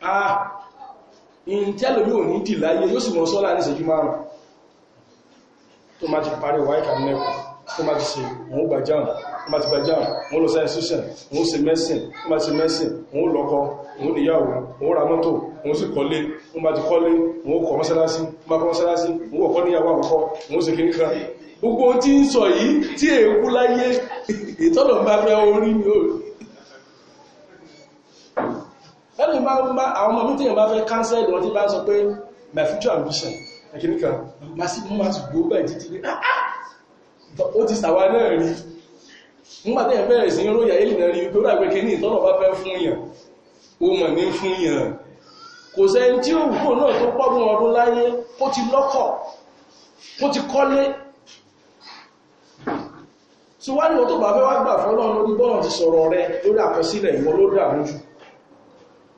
S1: ah ìntẹ́lò yóò ní dì láyé yóò sì mọ́ sọ́lá ní ìṣẹ́jú márùn tó má ti parí wáyé kan mẹ́kọ̀ọ́ tó má ti ṣe wọ́n gbà jàm wọ́n má ti gbà jàm wọ́n lọ sáyẹ̀ sọ́sẹ̀ wọ́n ṣe mẹ́sìn wọ́n má ti mẹ́sìn wọ́n lọ́kọ wọ́n níyàwó wọ́n ra mọ́tò wọ́n sì kọ́lé wọ́n má ti kọ́lé wọ́n kọ́ mọ́sálásí wọ́n má kọ́ mọ́sálásí wọ́n wọ̀ kọ́ níyàwó àkọ́kọ́ wọ́n sì tẹ́lẹ̀ bá ń bá àwọn ọmọ mítí ìyànbá fẹ́ cancel wọn tí bá sọ pé my future ambition ẹ̀kìní kan ma sí mú àti gbó bẹ̀ títí ní ah, ah! ó ti sàwà náà rí nígbà tẹ́yàn bẹ̀rẹ̀ sí ròyà èlì náà rí tó ràgbé kí ní ìtọ́nà bá fẹ́ fún yàn ó mọ̀ ní fún yàn kò sẹ́ni tí ó wùkó náà tó pọ́gbọ́n ọdún láyé kó ti lọ́kọ̀ kó ti kọ́lé tí wá ní wọ́n tó bá fẹ́ wá gbà fọ́lọ́run lórí bọ́ọ̀rùn ti sọ̀rọ̀ rẹ lórí àkọsílẹ̀ ìwọ ló dà lójú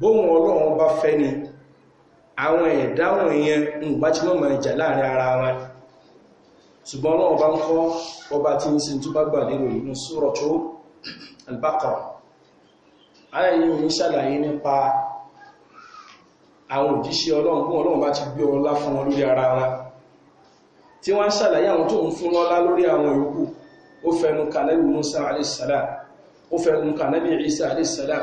S1: bóhun ọlọ́run bá fẹ́ ni àwọn ẹ̀dá wọ̀nyẹn ń bá tí wọ́n mọ̀ ìjà láàrin ara wọn ṣùgbọ́n ọlọ́run bá ń kọ́ ọba tí ń sin tó bá gbà lérò nínú Suratu Al-Baqarah tí wọ́n ṣàlàyé àwọn tó ń fún lọ́lá lórí àwọn yòókù ó fẹnu kànẹ́bì Musa alayhisalam ó fẹnu kànẹ́bì Isa alayhisalam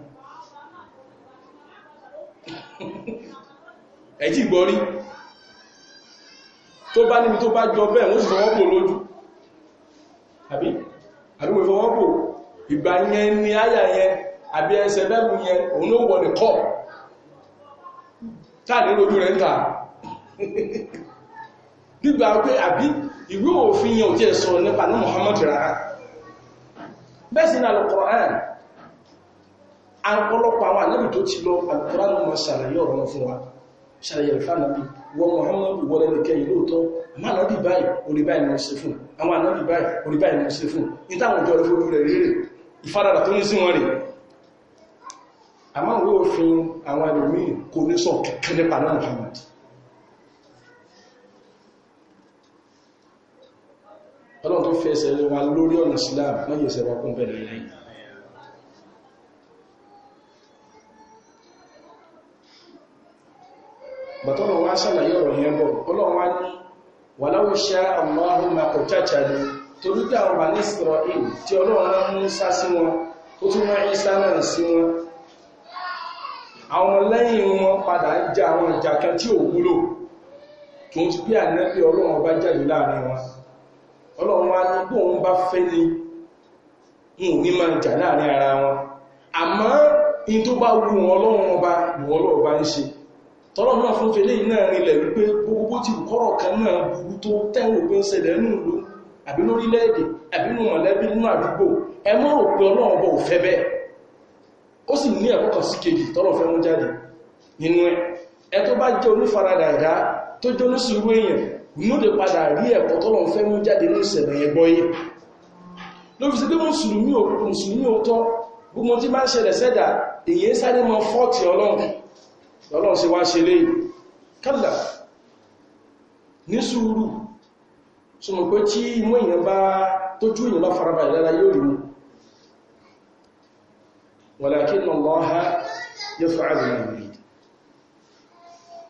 S1: ẹ̀jì gbọ́rí tó bá níbi tó bá jọ bẹ́ẹ̀ wọ́n sì fọwọ́pò lójú àbí àbí wọ́n fọwọ́pò ìgbà yẹn ni àyà yẹn àbí ẹsẹ̀ bẹ́ẹ̀mù yẹn òun ló wọ̀ kọ́ táàdé lójú rẹ̀ ń ta gbígbà pé àbí ìwé òfin yẹn ò ẹ̀ sọ nípa ní Muhammad rárá bẹ́ẹ̀ ní àwọn tó ti ṣàyẹ̀ fánàbí wọ Muhammadu wọlé nìkẹ́ yìí lóòótọ́ àmọ́ ànábì báyìí orí báyìí náà ṣe fún àwọn ànábì báyìí orí báyìí náà ṣe fún ní táwọn ìjọ rẹ̀ fojú rẹ̀ rírè ìfaradà tó ní sí wọn rè àmọ́ òwe òfin àwọn ẹlòmíì kò ní sọ kẹ́kẹ́ nípa náà Muhammad ọlọ́run tó fẹ́ ẹsẹ̀ wa lórí ọ̀nà Islam lọ́yẹ̀ ẹsẹ̀ wa kún bẹ̀rẹ̀ lẹ́yìn bàtọ́lọ̀ wá ṣàlàyé ọ̀rọ̀ yẹn bọ̀ ọlọ́run wá ní wàláwò ṣá àmọ́hùn makọ̀cháchá ni torí dá ọmọ ní Israel tí ọlọ́run rán Mùsá sí wọn tó tún rán Ìsá náà sí wọn àwọn lẹ́yìn wọn padà ń ja àwọn ìjà kan tí ò wúlò tó ní ni wọn ò ní máa jà láàrin ara wọn àmọ́ in tó bá wù wọn ọlọ́run ọba ìwọ́lọ́ọ̀bá ń ṣe tọ́lọ́ náà fún fèlé iná rinlẹ̀ wípé gbogbo ti kọ́rọ̀ kan náà burú tó tẹ́wò pé ń ṣẹlẹ̀ nínú ìlú àbí lórílẹ̀-èdè àbí nínú mọ̀lẹ́bí nínú àdúgbò ẹ mọ́ rò pé ọlọ́run bọ̀ fẹ́ bẹ́ẹ̀ ó sì ní ẹ̀kọ́ kan sí kejì tọ́lọ̀ fẹ́ mú jáde nínú ẹ ẹ tó bá jẹ́ onífaradà ẹ̀dá tó jẹ́ onísùúrù èèyàn inú lè padà rí ẹ̀kọ́ tọ́lọ̀ fẹ́ mú jáde nínú ìṣẹ̀lẹ̀ yẹn gbọ́yé ló fi sí pé mùsùlùmí òótọ́ gbogbo tí bá ń ṣẹlẹ̀ sẹ́dà èyí sáré mọ fọ́ọ̀tì ọlọ́run lọ́lọ́ sí wá ṣe léyìn kálà ní sùúrù súnmọ̀ pé tí inú èèyàn bá tójú faraba yóò rí mú walakin Allaha yaf'alu ma yurid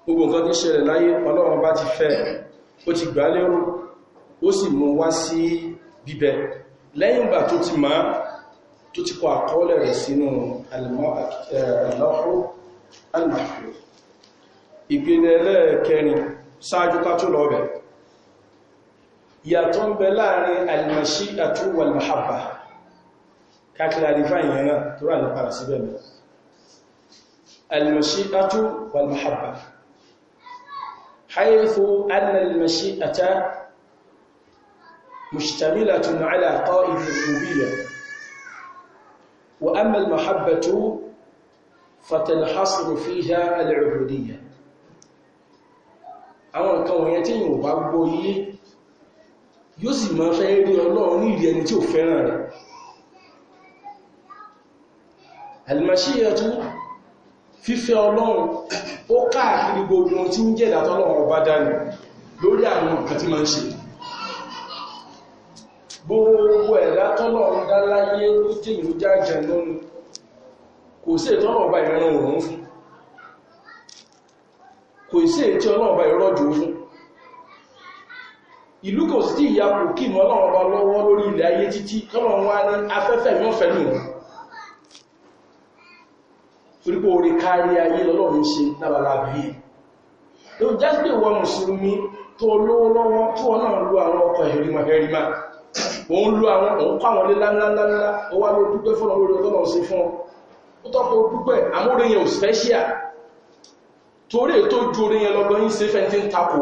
S1: gbogbo nǹkan tí ṣẹlẹ̀ láyé ọlọ́run bá ti fẹ́ ó ti gbà lérò ó sì mú wá sí bíbẹ̀ lẹ́yìn ìgbà tó ti máa tó ti kọ àkọọ́lẹ̀ rẹ̀ sínú al-mahfuz ìpínlẹ̀ ẹlẹ́ẹ̀kẹrin sáájú kátó lọ́bẹ̀ ìyàtọ̀ ń bẹ láàrin al-mashi'atu wal-mahabba kákìlárífà ìyẹn náà tó rà ní padà síbẹ̀ mẹ́ al-mashi'atu wal-mahabba haythu anna al-mashi'ata mushtamilatun ala qa'id al-rububiyyah wa amma al-mahabbatu fatalhasru فيها العبودية àwọn nǹkan wọ̀nyẹn tí yìnbọn bá gbọ́ yé yóò sì máa fẹ́ rí ọlọ́run ní ìrí ẹni tí ò fẹ́ràn rẹ̀ alìmọ̀ṣíyàtú fífẹ́ ọlọ́run ó káàkiri gbogbo tí ń jẹ́ ìdàtọ́lọ́run ọba dánù lórí àwọn nǹkan tí máa ń ṣe gbogbo ẹ̀dá dá láyé ló tèmi kò sí ètò ọlọ́ọ̀bá ìrìnrìn òun fún kò sí ètò ọlọ́ọ̀bá ìrọ́jò fún ìlú kò sí ìyá kòkíìmù ọlọ́ọ̀bá lọ́wọ́ lórí ilẹ̀ ayé títí tọ́lọ̀ wá ní afẹ́fẹ́ mọ́fẹ́ nù torípò orí kárí ayé lọ́lọ́run ṣe lábàlá bí i ló jásí ìwọ mùsùlùmí tó lówó lọ́wọ́ tí wọ́n náà lo àwọn ọkọ̀ ìrìnmàgẹ́rìmà òun lo àwọn òun kọ́ àwọn lé láńláńláńlá ó wá ló dúpẹ́ fọ́nà lórí ọlọ́run ṣe fún ọ ó tọ́pọ̀ dúpẹ́ àmórí yẹn ò special torí ètò ojú orí yẹn lọ́gbọ́n yín ṣe fẹ́ntì ń tako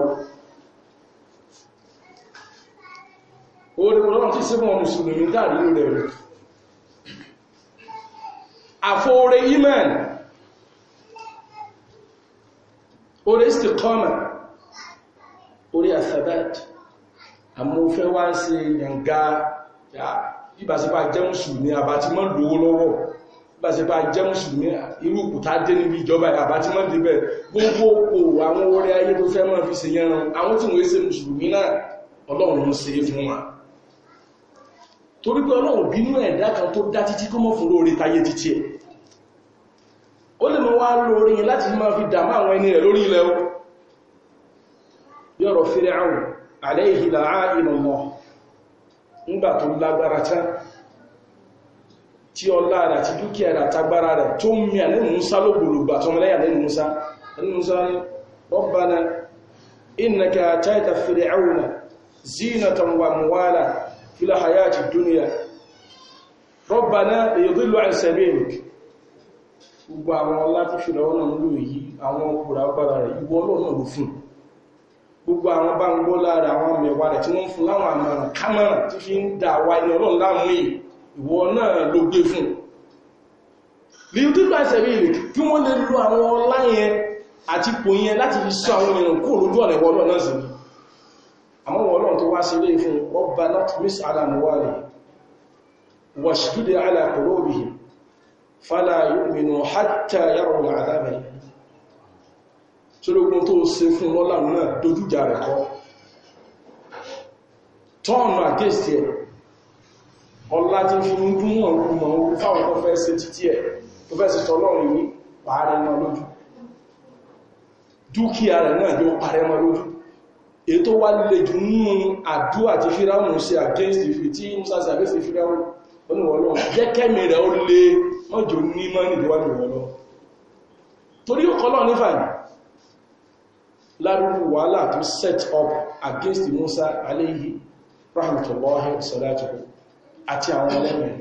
S1: orí ọlọ́run ti símọ̀ mùsùlùmí dáàrí rẹ̀ rẹ̀ àfóore iman orí istikọ́mà orí asabat àmúfẹ́ wá ń ṣe yànga ìbàsípa jẹ́ mùsùlùmí àbátí mọ́ lówó lọ́wọ́ bàṣẹpá jẹ́ mùsùlùmí irú kùtà dé níbi ìjọba àbá tí wọ́n débẹ̀ gbogbo kò àwọn orí ayé tó fẹ́ máa fi ṣe yẹn ran àwọn tí wọ́n ṣe mùsùlùmí náà ọlọ́run ló ṣe é fún wa torí pé ọlọ́run bínú ẹ̀dá kan tó dá títí kó mọ́ fún lórí tayé títí ẹ̀ ó lè mọ́ wá lórí yẹn láti máa fi dàmú àwọn ẹni rẹ̀ lórí ilẹ̀ yọ̀rọ̀ fẹ́rẹ̀ àwọn àlẹ́ ìhìlà ààrẹ ìrànlọ́ ńgbà tí ọlá rẹ̀ àti dúkìá rẹ̀ àtagbára rẹ̀ tó ń mi àlẹ́nu musa lógbòlògbà tó nsa lẹ́nu nsa lẹ́nu musa ní rọ́bàna ìnàkà fèrè àti dúnìyà gbogbo àwọn ọlá fi lọ́wọ́ náà lò àwọn ọkùnrin ìwọ náà ló gbé fún ní títọ́ ìṣẹ̀bí ìlú kí wọ́n lè lo àwọn ọlá yẹn àti ipò yẹn láti fi sọ àwọn èèyàn kó lójú ọ̀nà ìwọ náà sí àmọ́ wọn náà tó wá sí ilé fún ọba láti mis alamwari washdud ala qulubihim fala yu'minu hatta yarawul adhabi ṣológun tó ṣe fún ọlá náà dojújà rẹ̀ kọ́ tọ́ọ̀nù àgẹ́sì ẹ̀ ọlá tí fi ń dún ọ̀rún mọ̀ orí fáwọn tó fẹ́ ṣe títí ẹ̀ tó fẹ́ ṣe tọ́lọ́rìn ní pàárẹ náà lójú dúkìá rẹ̀ náà yóò parẹ́ mọ́ lójú èyí tó lè jù ní àdú àti fíráhùn ṣe against the tí musa ṣe against ìfì fíráhùn oníwọ̀lọ́ jẹ́ kẹ́mì rẹ̀ ó lè mọ́jọ ní mọ́nì níwájú ìwọ̀lọ́ torí ó kọ́lọ̀ nífà ní lárúrú wàhálà set up against musa alayhi rahmatullahi salatuhu àti àwọn ẹlẹ́bìn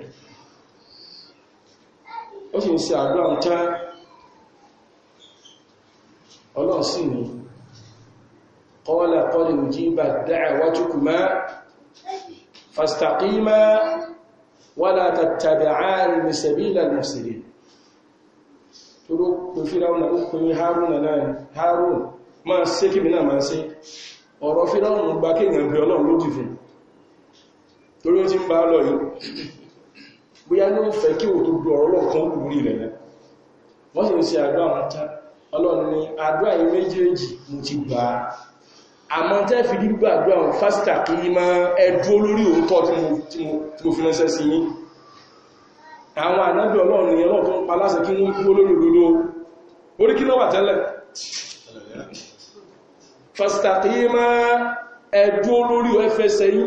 S1: ó sì ń ṣe àdúrà ń tẹ́ ọlọ́run sì ní qala qad ujibat da'watukuma fastaqima wala tattabi'ani sabila al-mufsidin turu pè fíráúnà ó pè ní haruna náà harun máa ṣe kí mi náà máa ṣe ọ̀rọ̀ fíráúnà gba kí ọlọ́run ló ti fún torí ó ti ń bá lọ yìí bóyá ní ó fẹ́ kí ò tó gbọ́ ọ̀rọ̀ kan lórí rẹ̀ náà wọ́n sì ń ṣe àdúrà wọn tán ọlọ́run ní àdúrà yìí méjèèjì mo ti gbà á àmọ́ tẹ́ fi dígbà àdúrà wọn fásità kí ní máa ẹdú olórí òótọ́ tí mo fi ránṣẹ́ sí yín àwọn ànábì ọlọ́run ní ọlọ́run tó ń pa láṣẹ kí wọ́n dúró lórí olórí òfẹsẹ̀ yín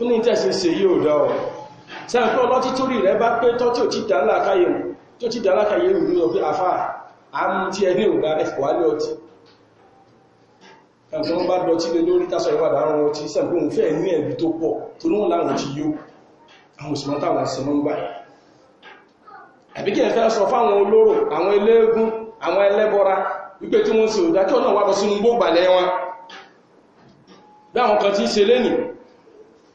S1: ó ní tẹ̀sí ṣe yóò dá ọ̀ sẹ́yìn pé ọlọ́tí torí rẹ bá pé tọ́ tí ò ti dá láàkáyé rù tó ti dá láàkáyé rù ní ọbí afá àmú tí ẹni ògbà ẹ̀fọ́ wálé ọtí ẹ̀fọ́ bá dọtí lé lórí tásọ ìwà dáhùn ọtí sẹ́yìn pé òun fẹ́ ní ẹ̀bí tó pọ̀ tó lóhùn láwọn ti yó àwọn òṣìmọ́ táwọn sì mọ́ ń gbà àbí kí ẹ fẹ́ sọ fáwọn olóró àwọn eléégún àwọn ẹlẹ́bọra wípé tí wọ́n sì ò dákẹ́ ọ̀nà wà lọ sínú gbógbàlẹ́ wọn kan ti ń ṣe lénìí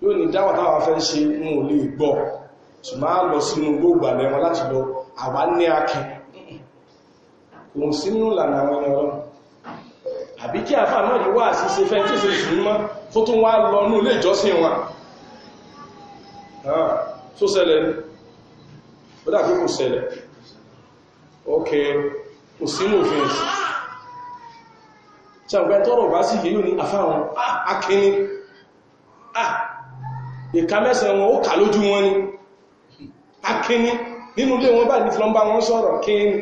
S1: yóò ní dáwà táwà fẹ́ ṣe ń ò lè gbọ́ lọ sínú gbogbo àlẹ́ wọn láti lọ àwa ní sínú lànà àwọn ẹni ọlọ́run àbí kí àfà náà fẹ́ tí ó sì mọ́ tó tún wá lọ ní ilé ìjọsìn wọn ah, tó ṣẹlẹ̀ ó dàbí kò ṣẹlẹ̀ ok kò sínú òfin ẹ̀sìn ìka mẹ́sàn wọn ó kà lójú wọn ni akíní nínú ilé wọn bá ní flọ́mbà wọn sọ̀rọ̀ kíní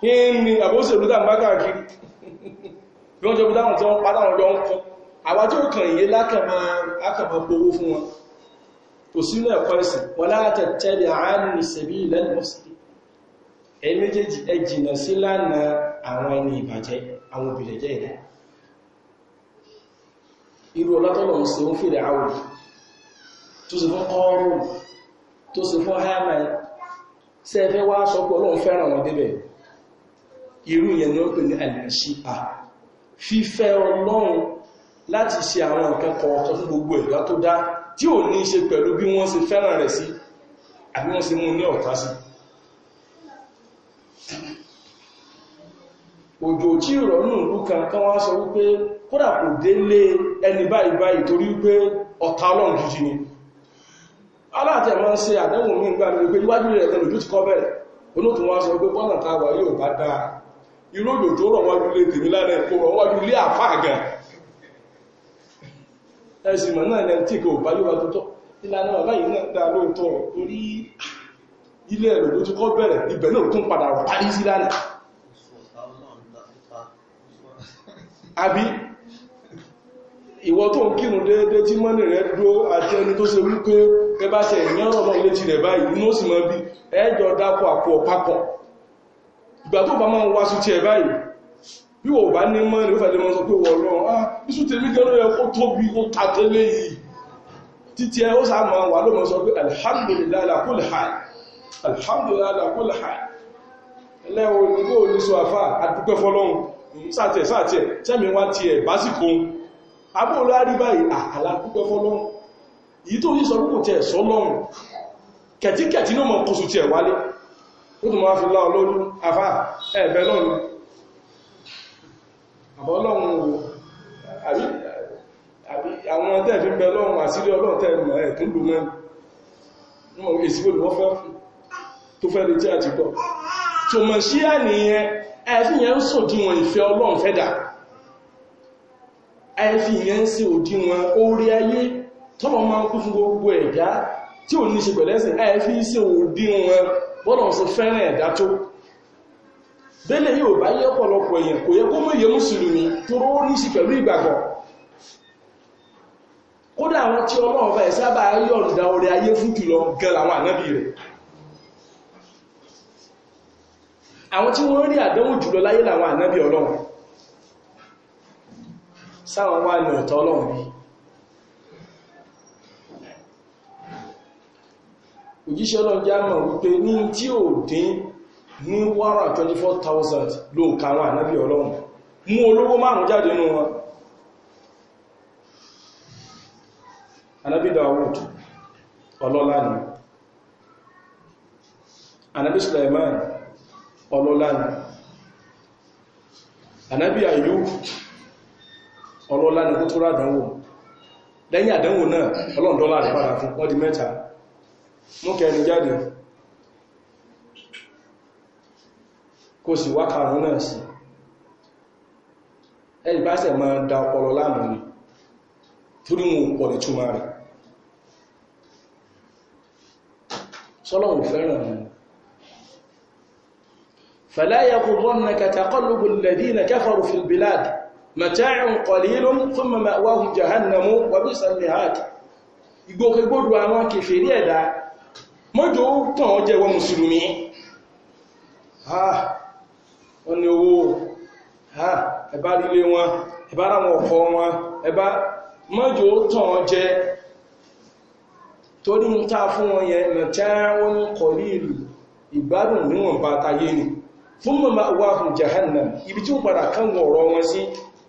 S1: kíní àbóṣèlú dàmbá káàkiri bí wọ́n jọ bí dáhùn tí wọ́n padà wọn lọ ń kọ́ àwọn tí ó kàn yé lákàmà gbogbo fún wọn kò sínú ẹ̀kọ́ ẹ̀sìn wọ́n látẹ̀ tẹ́lẹ̀ àánú ìsẹ̀bí ìlẹ́nu mọ́sílẹ̀ ẹ̀yìn méjèèjì ẹ jìnà sí lánàá àwọn ẹni ìbàjẹ́ àwọn òbìlẹ̀jẹ́ ìrẹ́ irú ọlátọ́lọ̀ ń se ń fèrè àwòrán tó sì fún ọrùn tó sì fún hamai ṣe fẹ́ wá sọ pé ọlọ́run fẹ́ràn wọn débẹ̀ irú ìyẹn ni ó pè ní àlàṣíà fífẹ́ ọlọ́run láti ṣe àwọn nǹkan kọ̀ọ̀kan fún gbogbo ẹ̀dá tó dá tí ò ní ṣe pẹ̀lú bí wọ́n se fẹ́ràn rẹ̀ sí àbí wọ́n ṣe mú ní ọ̀tá sí òjò tí ìrọ̀nù ìlú kan kan wá sọ wípé kódà kò délé ẹni báyìí báyìí torí wípé ọ̀tá ọlọ́run gidi ni aláàtì ẹ̀ máa ń ṣe àdéhùn mi nígbà mi pé rẹ̀ tẹ̀lé ojú ti kọ́ bẹ̀rẹ̀ olóòtún wá sọ pé bọ́nà tá yóò bá dáa irú tó rọ̀ wájú ilé tèmi lánàá kò rọ̀ wájú ilé àfáà ẹ̀sìn mọ̀ ìwọ tó ń kírun déédé tí mọ́nì rẹ̀ dúró àti ẹni tó ṣe wípé ẹbá ṣe ìyán ọ̀rọ̀ létí rẹ̀ báyìí inú sì mọ́ bí ẹjọ́ dápọ̀ àpò ọ̀pápọ̀ ìgbà tó bá máa ń wáṣú ti ẹ̀ báyìí bí wọ́n bá ní mọ́nì ó fẹ́lẹ́ mọ́ sọ pé wọ́n lọ́rùn ah iṣu tèmi gẹ́rọ yẹ kó tóbi ó ta tẹ́lẹ̀ yìí títí ẹ ó sá máa wà ló mọ́ sọ pé alhamdulillah ala kulli hal alhamdulillah ala kulli hal ẹlẹ́wọ̀n ní kó ní sọ àfà àdúgbẹ́fọ́lọ́hun sáàtẹ̀ sáàtẹ̀ tẹ́mi wá ti ẹ̀ básìkò abóòlù àrí báyìí àhàlà púpẹ́ fọ́lọ́run èyí tó yí sọ púpọ̀ tẹ̀ sọ lọ́run kẹ̀tíkẹ̀tí ní ọmọ kòsù tẹ̀ wálé ó tún máa fi lá ọlọ́run afá ẹ̀ẹ̀bẹ̀ lọ́run àbọ́lọ́run wo àwọn tẹ́ẹ̀fí ń bẹ lọ́run àsírí ọlọ́run tẹ́ẹ̀mọ̀ ẹ̀ tún lù mọ́ èsì pé lùwọ́ fẹ́ fún tó fẹ́ lè jẹ́ àtìgbọ́ tòmọ̀ sí àníyàn ẹ̀fíyàn sòdíwọ̀n ìfẹ́ ọlọ́run fẹ́ dà àìfi ìyẹn ń sí òdiwọ̀n orí ayé tọ́lọ̀ máa ń kú fún gbogbo ẹ̀dá tí ò ní ṣe pẹ̀lẹ́sìn àìfi sí òdiwọ̀n bọ́lọ̀ sí fẹ́ràn ẹ̀dá tó bẹ́lẹ̀ yóò bá yẹ ọ̀pọ̀lọpọ̀ èèyàn kò yẹ kó mú iye mùsùlùmí tó rọ́ ní sí pẹ̀lú ìgbàgbọ́ kódà àwọn tí ọlọ́run bá ìsábà yọ̀ǹda orí ayé fún jùlọ gan làwọn ànábì rẹ̀ àwọn tí wọ́n rí àdánwò jùlọ láyé làwọn ànábì ọlọ́run sáwọn wà ní ọ̀tọ̀ ọlọ́run bí òjíṣẹ́ ọlọ́run já mọ̀ wípé ní tí ò dín ní wàrà 24,000 ló ń ka àwọn ànábì ọlọ́run mú olówó márùn jáde nínú wọn ànábì Dawud ọlọ́lá ni sulaiman Suleiman ọlọ́lá ni ọlọ́lá ní kó tó rádánwò lẹ́yìn àdánwò náà ọlọ́ndọ́lá rẹ̀ padà fún wọ́n di mẹ́ta mú kẹrin jáde kò sì wá karùn náà sí ẹni bá sẹ̀ máa da ọpọlọ láàmù ni torí wọn pọ̀ ní túnmà rẹ̀ فلا يغرنك تقلب الذين كفروا في البلاد mata'un qalilun thumma ma'wahum jahannamu wa bi'sal mihad igbo ke gbọ́dọ̀ àwọn kèfèrí ẹ̀dá mojo ton je wo mùsùlùmí ha wọ́n ní owó ha ẹ bá rile wọn ẹ bá ra wọn ọkọ wọn ẹ bá mojo ton je torí ta mata'un ni ibi kan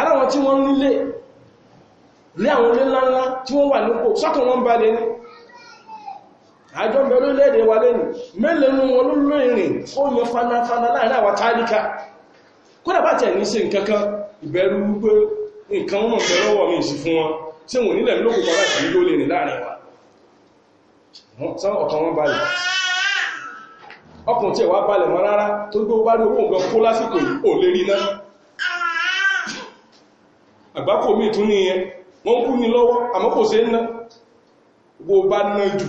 S1: àràwọn tí wọ́n nílé ní àwọn ilé ńláńlá tí wọ́n wà lóko sọ́kàn wọ́n bá lé ní àjọ bẹ̀rẹ̀ lẹ́ẹ̀dẹ̀ wà lẹ́nu mẹ́lẹ̀ nú wọn ló ìrìn ó yẹ fanáfaná láàrin àwọn tálíkà kódà bá tẹ̀ ní sí nkankan ìbẹ̀rù wípé wọn sí wọn tí wọ́n nílẹ̀ bá láti ló láàrin àgbákò míì tún nìyẹn wọ́n kú ní lọ́wọ́ àmọ́ kò ṣe ná wo bá ná jù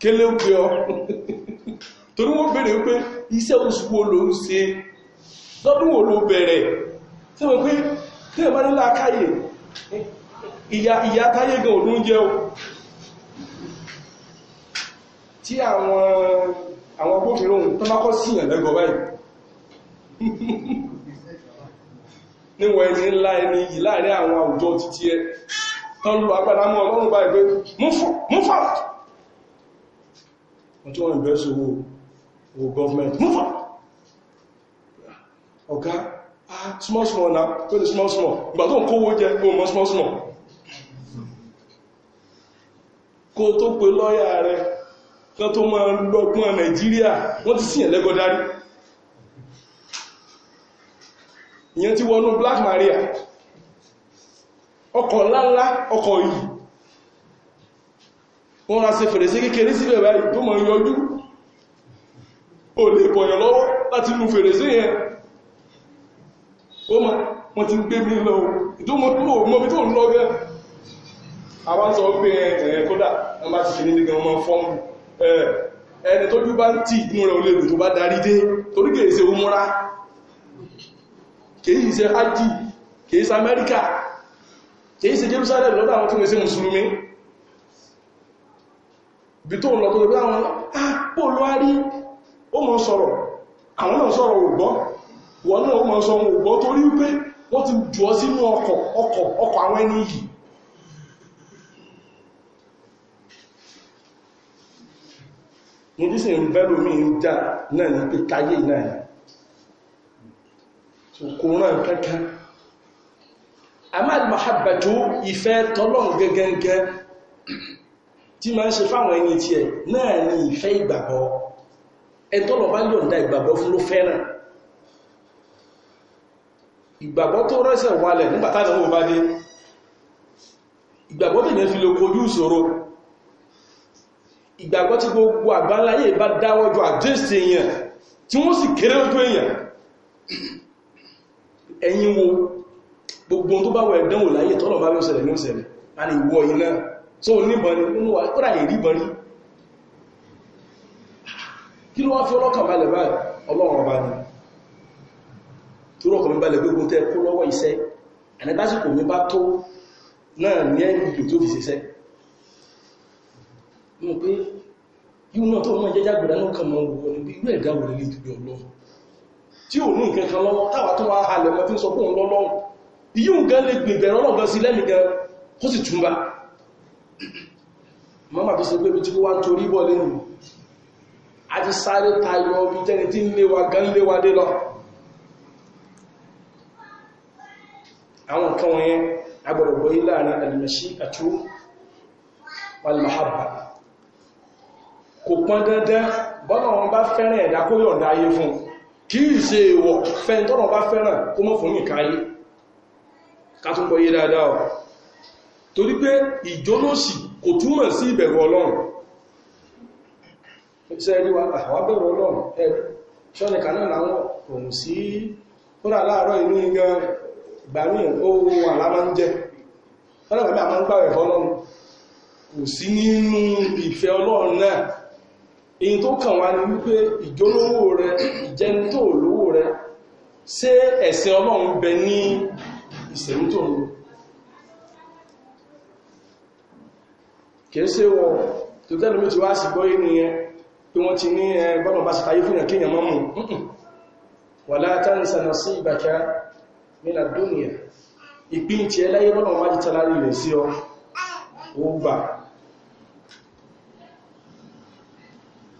S1: kélé ó pé ọ torí wọ́n bèèrè wípé iṣẹ́ oṣù wo ló ń ṣe lọ́dún wo ló bẹ̀rẹ̀ tí wọ́n pé kí ẹ̀ bá nílá káyè ìyá táyé gan òdún jẹ́ o tí àwọn agbófinró tó bá kọ́ síyàn báyìí níwọ̀ ẹni ńlá ẹni yìí láàrin àwọn àwùjọ títí ẹ tọ́lú agbára ọlọ́run báyìí pé múfà wọ́n tí owó government múfà ọ̀gá small small na pé small small ìgbà tó ń kówó jẹ ó small small kó tó pe lọ́yà rẹ̀ kán tó máa lọ́gbọ́n Nàìjíríà wọ́n ti síyàn lẹ́gọ́dárí ìyẹn ti wọnú Black Maria ọkọ̀ ńláńlá ọkọ̀ yìí wọ́n ra ṣe fèrèsé kékeré sílẹ̀ báyìí tó mọ̀ yọjú o lè bọ̀yàn lọ́wọ́ láti inú fèrèsé yẹn ó ma wọ́n ti gbé mi lọ ìdómọ́bí tó ń lọ gẹ́ àwánsọ pé ẹ̀ẹ̀ ti ṣe nílé gan-an fọ́ọ̀mù ẹni tó jú tí ìgbìmọ̀ rẹ̀ olè tó bá darí dé torí kèèṣe ó múra kìí ṣe hajji kìí ṣe amẹ́ríkà kìí ṣe Jerusalem lọ́dọ̀ àwọn tí wọ́n ṣe mùsùlùmí bí tó lọ tó lọ bí àwọn pòlò ah, àrí ó mọ́ sọ̀rọ̀ àwọn náà sọ̀rọ̀ ògbọ́ wọ́n náà ó mọ́ sọ ògbọ́ torí pé wọ́n ti jù ọ sínú ọkọ̀ ọkọ̀ ọkọ̀ àwọn ẹni yìí ní dísìn bẹ́lómi ń jà náà ní pé káyé náà kò ràn kankan ahmad mahabbatu ìfẹ́ tọ́lọ́run gẹ́gẹ́gẹ́ tí máa ń ṣe fáwọn ẹni tiẹ̀ náà ni ìfẹ́ ìgbàgbọ́ ẹtọ́lọ̀ bá yọ̀ǹda ìgbàgbọ́ fún ló fẹ́ràn ìgbàgbọ́ tó rẹ́sẹ̀ wálẹ̀ nígbàtà náà bá dé ìgbàgbọ́ tẹ̀lẹ̀ fi lè kojú ìṣòro ìgbàgbọ́ tí gbogbo àgbáláyé bá dáwọ́jọ àjẹ́sẹ̀ èèyàn tí wọ́n sì kéré tó èèyàn ẹ̀yin wo gbogbo tó bá wọ ẹ̀dánwò láyé tọ́lọ̀ bá yóò ṣẹlẹ̀ ní òṣẹlẹ̀ a lè wọ iná tó níbọn ní inú wa kọ́rà èrí bọn rí kí ló wá fi ọlọ́kàn balẹ̀ báyìí ọlọ́run ọba ni tó rọ̀kàn balẹ̀ gbogbo tẹ́ kó lọ́wọ́ iṣẹ́ àníbásíkò mi bá tó náà ní ẹ̀rù tó fi ṣiṣẹ́ mọ̀ pé yíò náà tó mọ́ jẹ́jàgbẹ̀rẹ̀ náà kàn mọ́ wọ́n ní bí irú ẹ̀dá wọlé ní ìdúgbẹ̀ ọlọ́run tí ò ní nǹkan kan lọ́wọ́ táwà tó wá halẹ̀ mọ́ tí ń sọ fún lọ́lọ́run ìyí nǹkan lè sí lẹ́nìkan kó sì túnbà mọ́mà tó ṣe pé bí tí wá torí bọ́ lẹ́nu a ti sáré tayọ bí jẹ́ni tí léwa léwa dé lọ àwọn nǹkan wọ̀nyẹn agbọ̀rọ̀gbọ̀ láàrin bá ẹ̀dá kó yọ̀ǹda ayé kìí ṣe ìwọ̀ fẹ́n tọ́nà bá fẹ́ràn kó mọ́ fún ìkáyé kátúnbọ̀ yé dáadáa ọ̀ torí pé ìjólóṣì kò túmọ̀ sí ìbẹ̀rù ọlọ́run iṣẹ́ ẹni wa àwọn bẹ̀rù ọlọ́run ṣọ́nìkà náà láwọn inú gbàwẹ̀ kò sí èyí tó kàn wá ní wípé ìjólówó rẹ ìjẹnitó olówó rẹ ṣé ẹ̀sìn ọlọ́run bẹ ní ìṣèlú tó ń lò kìí ṣe wọ tó tẹ́lú mi ti wá sí gbọ́ ènìyàn pé wọ́n ti ní ẹgbọ́nà bá sì fàyé fún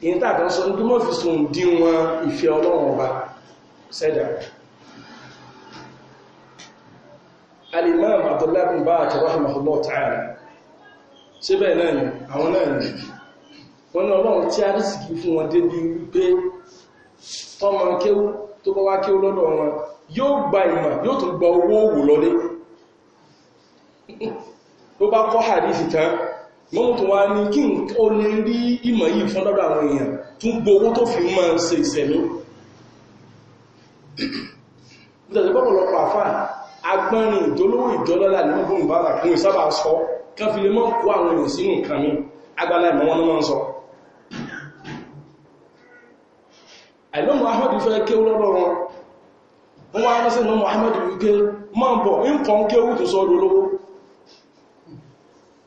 S1: èyí tàbí sọ ní túnmọ̀ fi sùn dí wọn ìfẹ́ ọlọ́run ọba sẹ́dà alimam abdullahi bin ba'at rahimahullah ta'ala síbẹ̀ náà ni àwọn náà ni wọ́n ní ọlọ́run tí a rí sì kí fún wọn bá wá kéwú lọ́dọ̀ yóò gba ìmọ̀ yóò tún gba owó òwò lọlé tó bá kọ́ hadisi tán wọ́n tún wá ní kí o lè rí ìmọ̀ yìí fún lọ́dọ̀ àwọn èèyàn tún gbowó tó fi mọ́ ṣe ìṣẹ̀lú nítorí pọ́pọ̀lọpọ̀ àfà agbọ́nrin ìdólówó ìjọlọ́lá ní ọgbọ̀n bára kún ìsábà sọ kán fi lè mọ́ kó àwọn èèyàn sínú nǹkan mi agbálá ìmọ̀ wọn náà sọ àìlọ́mù ahmadu fẹ́ kéwú lọ́dọ̀ wọn wọ́n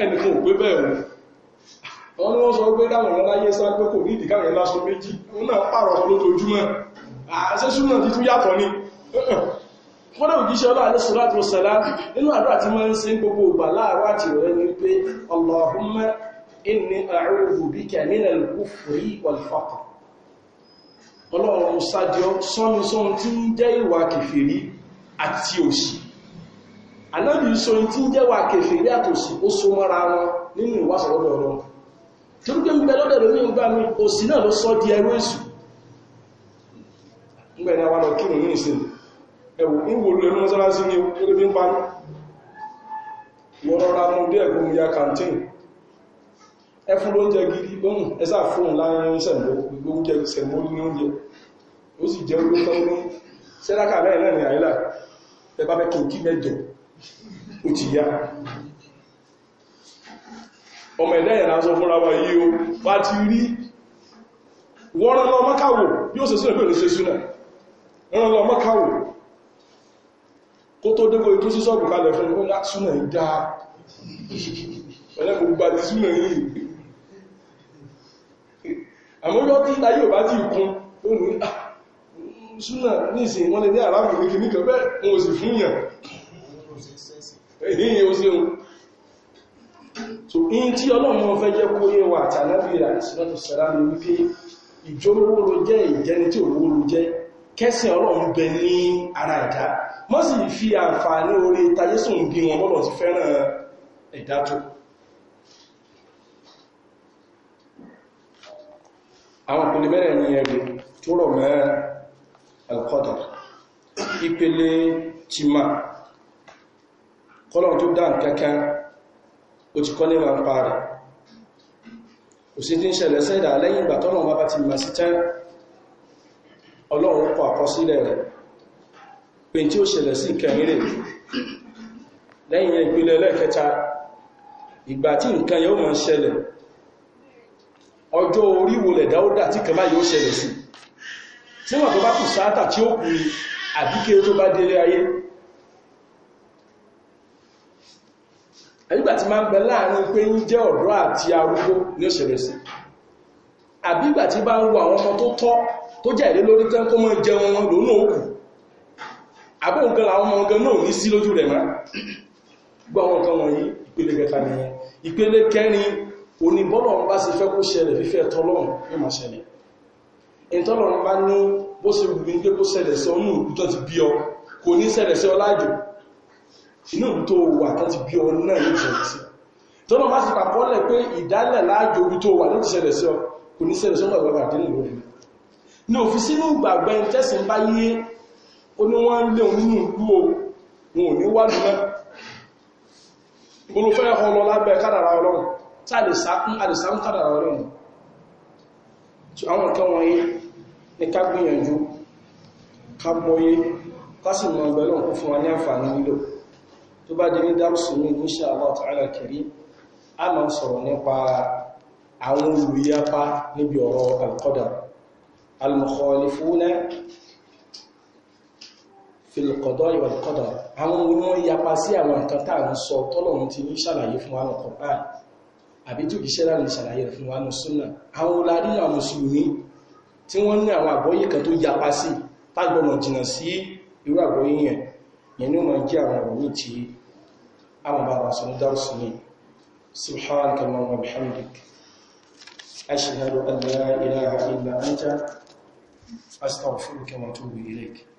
S1: ẹnìkan ò pé bẹ́ẹ̀ wọn ni wọ́n sọ pé dáwọn ọláyé sá pé kò ní ìdíkàwẹ̀ lásọ méjì wọn náà pààrọ̀ lójoojúmọ́ àṣẹ́súnmọ̀ ti tún yàtọ̀ ni fọ́nà òjíṣẹ́ ọlá alẹ́sọ́láàtì ọ̀sẹ̀lá nínú tí ń jẹ́ ìwà kìfèrí àti òṣì anábì sọ tí ń jẹ́wà kèfèrí àtòsí ó so mọ́ra wọn nínú ìwásọ̀lọ́dọ̀ ọ̀rọ̀ torí pé ń bẹ lọ́dẹ̀ lómi ìgbà mi òsì náà ló sọ di ẹrú èṣù ńgbẹ̀ ni a wà lọ kírun ní ìsìn ẹ̀wù ń wò lórí mọ́sálásí ní ya kàntín ẹfún ló ń jẹ gidi ohun ẹsà fóun láàrin sẹ̀mọ́ gbogbo oúnjẹ sẹ̀mọ́ ní oúnjẹ ó sì jẹ́ oúnjẹ tán ní sẹ́dákà bẹ́ẹ̀ náà kí mẹ́jọ ó ti yá ọmọ ẹ̀dá ìyànà sọ fúnra wa yí o bá ti rí wọ́n lọ mọ́kàwò bí ó sẹ̀sùn ẹ̀bẹ̀rẹ̀ sẹ̀sùnà wọ́n lọ mọ́kàwò kó tó dégbò ètò sísọ́bù kalẹ̀ fún ọlá súnà ìdá pẹ̀lẹ́ gbogbo àti súnà yìí àmójọ́ tí ayé ò bá ti kún ó ní ah, súnà ní ìsìn wọ́n lè èyí o ohun so in tí ọlọ́run fẹ́ jẹ́ kó yé wa àtàlábìrà ìsìnàtò sẹ́lá ní wípé ìjọ́lówó ló jẹ́ ìjẹni tí olówó ló jẹ́ kẹ́sìn ọlọ́run bẹ ní ara ìdá mọ́ sì fi àǹfààní orí tayésùn bí wọn bọ́lọ̀ ti fẹ́ràn ẹ̀dá tó àwọn ìpele mẹ́rẹ̀ ní ẹgbẹ̀ tó rọ̀ mẹ́ al-qadar ìpele tima kọ́lọ̀n tó dá nǹkankan ó ti kọ́ níwà ń pa rẹ̀ kò sí tí ń ṣẹlẹ̀ sẹ́dà lẹ́yìn ìgbà tọ́lọ̀ bá ti mà sí tán ọlọ́run kọ àkọsílẹ̀ rẹ̀ pé tí ó ṣẹlẹ̀ sí kẹrin rẹ̀ lẹ́yìn ìpínlẹ̀ lẹ́ẹ̀kẹta ìgbà tí nǹkan yóò máa ṣẹlẹ̀ ọjọ́ orí wo lẹ̀dá ó dà tí kan bá yóò ṣẹlẹ̀ sí tí wọ́n tó bá kù sáátà tí ó kù àbíké tó bá délé ayé nígbà tí máa ń bẹ láàrin pé ń jẹ́ ọ̀dọ́ àti arúgbó ní òṣèrè sí àbí ìgbà tí bá ń wo àwọn ọmọ tó tọ́ tó jẹ́ ìlé lórí tán kó mọ́ jẹun wọn lòun náà kù àbó nǹkan làwọn ọmọ nǹkan náà ní sí lójú rẹ̀ máa gbọ́ àwọn nǹkan wọ̀nyí ìpele sínú ibi tó wà tán ti bí ọ náà ní ìṣẹ̀lẹ̀ sí tọ́nà bá sì pàkọ́lẹ̀ pé ìdálẹ̀ láàjò ibi tó wà ní ìṣẹ̀lẹ̀ sí ọ kò ní ṣẹlẹ̀ sọ́gbà ìwọ̀n àdínlẹ̀ lórí ní òfin sínú ìgbàgbẹ́ tẹ́sìn bá yé oníwọ́n ń lé nínú ìlú o wọn ò ní wá lù náà olùfẹ́ ẹ̀họ́ lọ lábẹ́ kádàrà ọlọ́run tí a lè sákún kádàrà ọlọ́run tí àwọn ọ̀kẹ́ wọ̀nyí ní ká gbìyànjú ká mọye ká sì mọ̀ ọgbẹ́ náà kún fún wa ní àǹfààní lílò tó bá dérí dárùsù ní insha Allah ta'ala karim a máa sọ̀rọ̀ nípa àwọn olùyapa níbi ọ̀rọ̀ al-qadar al-mukhalifuna fil qada'i wal qadar àwọn olùmọ̀ yapa sí àwọn nǹkan tá à ń sọ tọ́lọ̀run ti ní ṣàlàyé fún wa Qur'an àbí tó kìí ṣẹ́lá ní tí wọ́n ní àwọn àgbọ́yé kan tó yapa sí tágbọ́mọ̀ jìnà sí irú àgbọ́yé yẹn yẹn ni ó máa jẹ́ àwọn ọ̀rọ̀ ní ti أما رسول سبحانك اللهم وبحمدك أشهد أن لا إله إلا أنت أستغفرك وأتوب إليك